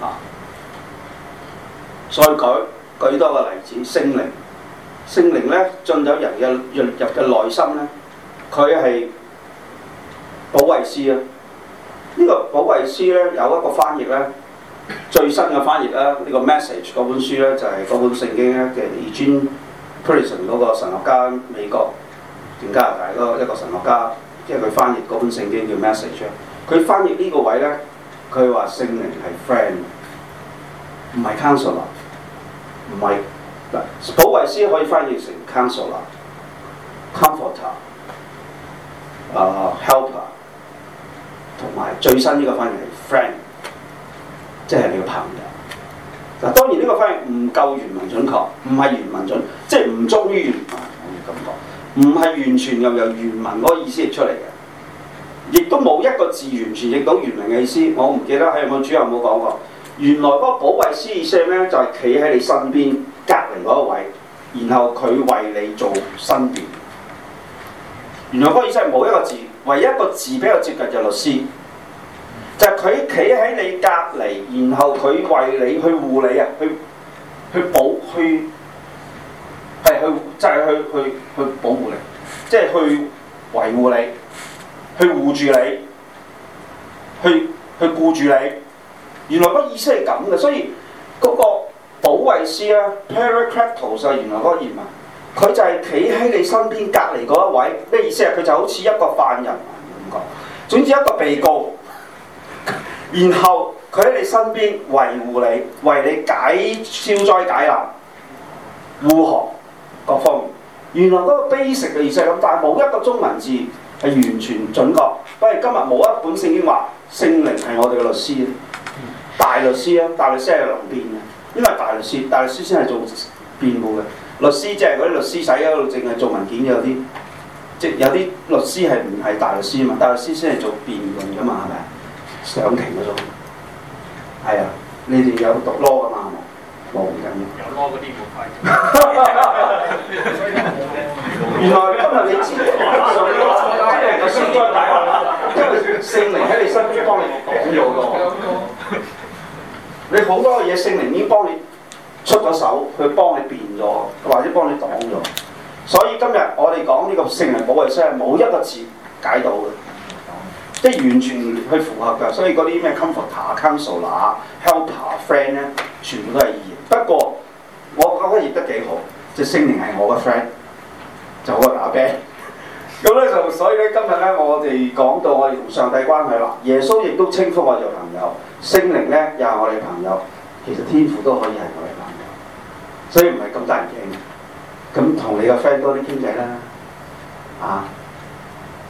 啊，再舉舉多個例子，聖靈，聖靈呢，進咗人嘅入入嘅內心呢，佢係保惠師啊。呢個保惠師呢，有一個翻譯呢。最新嘅翻譯咧，呢、這個 message 嗰本書咧就係、是、嗰本聖經咧嘅 Eugene Peterson 嗰個神學家，美國定加拿大嗰一個神學家，即係佢翻譯嗰本聖經叫 message。佢翻譯呢個位咧，佢話聖靈係 friend，唔係 counselor，唔係嗱，保惠師可以翻譯成 counselor，comforter，啊、uh, helper，同埋最新呢個翻譯係 friend。即係你個朋友嗱，當然呢個翻譯唔夠原文準確，唔係原文準，即係唔足於原文。我嘅感覺，唔係完全又由原文嗰意思出嚟嘅，亦都冇一個字完全譯到原文嘅意思。我唔記得係我主任有冇講過，原來嗰個保衞師意即係咩就係企喺你身邊隔離嗰一位，然後佢為你做身段。原來嗰意思係冇一個字，唯一一個字比較接近就係律師。就係佢企喺你隔離，然後佢為你去護你啊，去去保去係去就係去去去保護你，即係去維護你，去護住你，去去顧住你。原來嗰意思係咁嘅，所以嗰個保惠師啊，paracletos 係、啊、原來嗰個原文，佢就係企喺你身邊隔離嗰一位，咩意思啊？佢就好似一個犯人咁、啊、講，總之一個被告。然後佢喺你身邊維護你，為你解消災解難、護航各方面。原來嗰個 basic 嘅意思係咁，但係冇一個中文字係完全準確。不係今日冇一本聖經話聖靈係我哋嘅律師，大律師啊！大律師係能辯嘅，因為大律師。大律師先係做辯護嘅，律師即係嗰啲律師使喺度淨係做文件有啲，即有啲律師係唔係大律師啊嘛？大律師先係做辯論㗎嘛？係咪上庭嗰種，係啊，你哋有讀攞噶嘛？冇，唔緊要，有攞嗰啲冇。原來今日你知即今日我先再解，因為聖靈喺你身邊幫你講咗咯。你好 多嘢聖靈已經幫你出咗手，去幫你變咗，或者幫你擋咗。所以今日我哋講呢個聖靈保護箱，冇一個字解到嘅。即係完全去符合㗎，所以嗰啲咩 comforter、comfort er, counselor、helper、friend 咧，全部都係醫嘅。不過我覺得亦都幾好，即係聖靈係我個 friend 就好過打啤。咁 咧就所以咧，今日咧我哋講到我哋同上帝關係啦。耶穌亦都稱呼我做朋友，聖靈咧又係我哋朋友。其實天父都可以係我哋朋友，所以唔係咁得人驚。咁同你個 friend、啊這個 friend 多啲傾偈啦，啊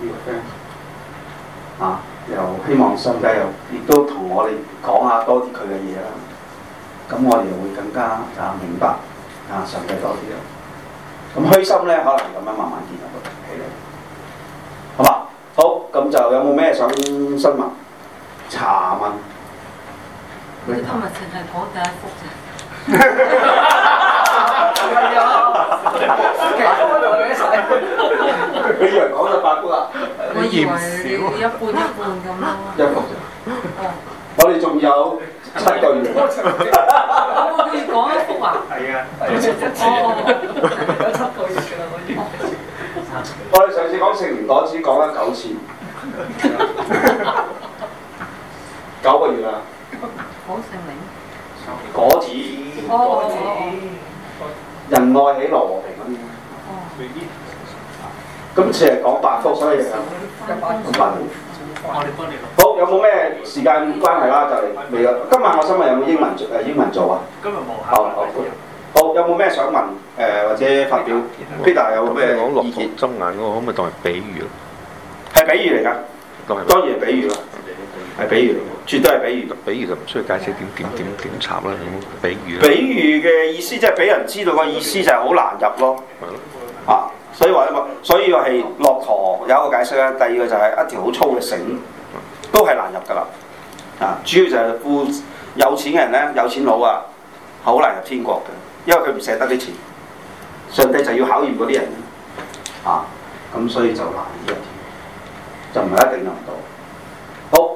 呢個 friend。啊！又希望上帝又亦都同我哋講下多啲佢嘅嘢啦，咁、啊、我哋會更加啊明白啊，上帝多啲咁虛心呢，可能咁樣慢慢建立起嚟，好嘛？好，咁就有冇咩想新聞查問？你今日淨係講第一福啫。啊 係啊，八 福 你一齊，佢陽八福啦。我嫌少，一半一半咁咯。 一 我哋仲有七個月。我會唔會講一幅啊？係 啊。哦，七個月啦，可以。 我哋上次講聖靈果子，講咗九次。 九個月啦 ！果聖靈。果子。 人愛喜樂和平咁樣，哦，咁講白福，所以好有冇咩時間關係啦？就係、是、未有。今晚我想問有冇英，英文做？誒英文做啊？今日冇。好，好，有冇咩想問？誒、呃、或者發表？Peter 有咩？我落同中眼嗰個可唔可以當係比喻啊？係比喻嚟噶，當然係比喻啦。係，比喻，絕對係比喻。比喻就唔需要解釋點點點點插啦，比喻比喻嘅意思即係俾人知道個意思就係好難入咯。的啊，所以話，所以話係駱駝有一個解釋咧，第二個就係一條好粗嘅繩，都係難入噶啦。啊，主要就係富有錢嘅人咧，有錢佬啊，好難入天國嘅，因為佢唔捨得啲錢。上帝就要考驗嗰啲人啊，咁所以就難入，就唔係一定入到。嗯、好。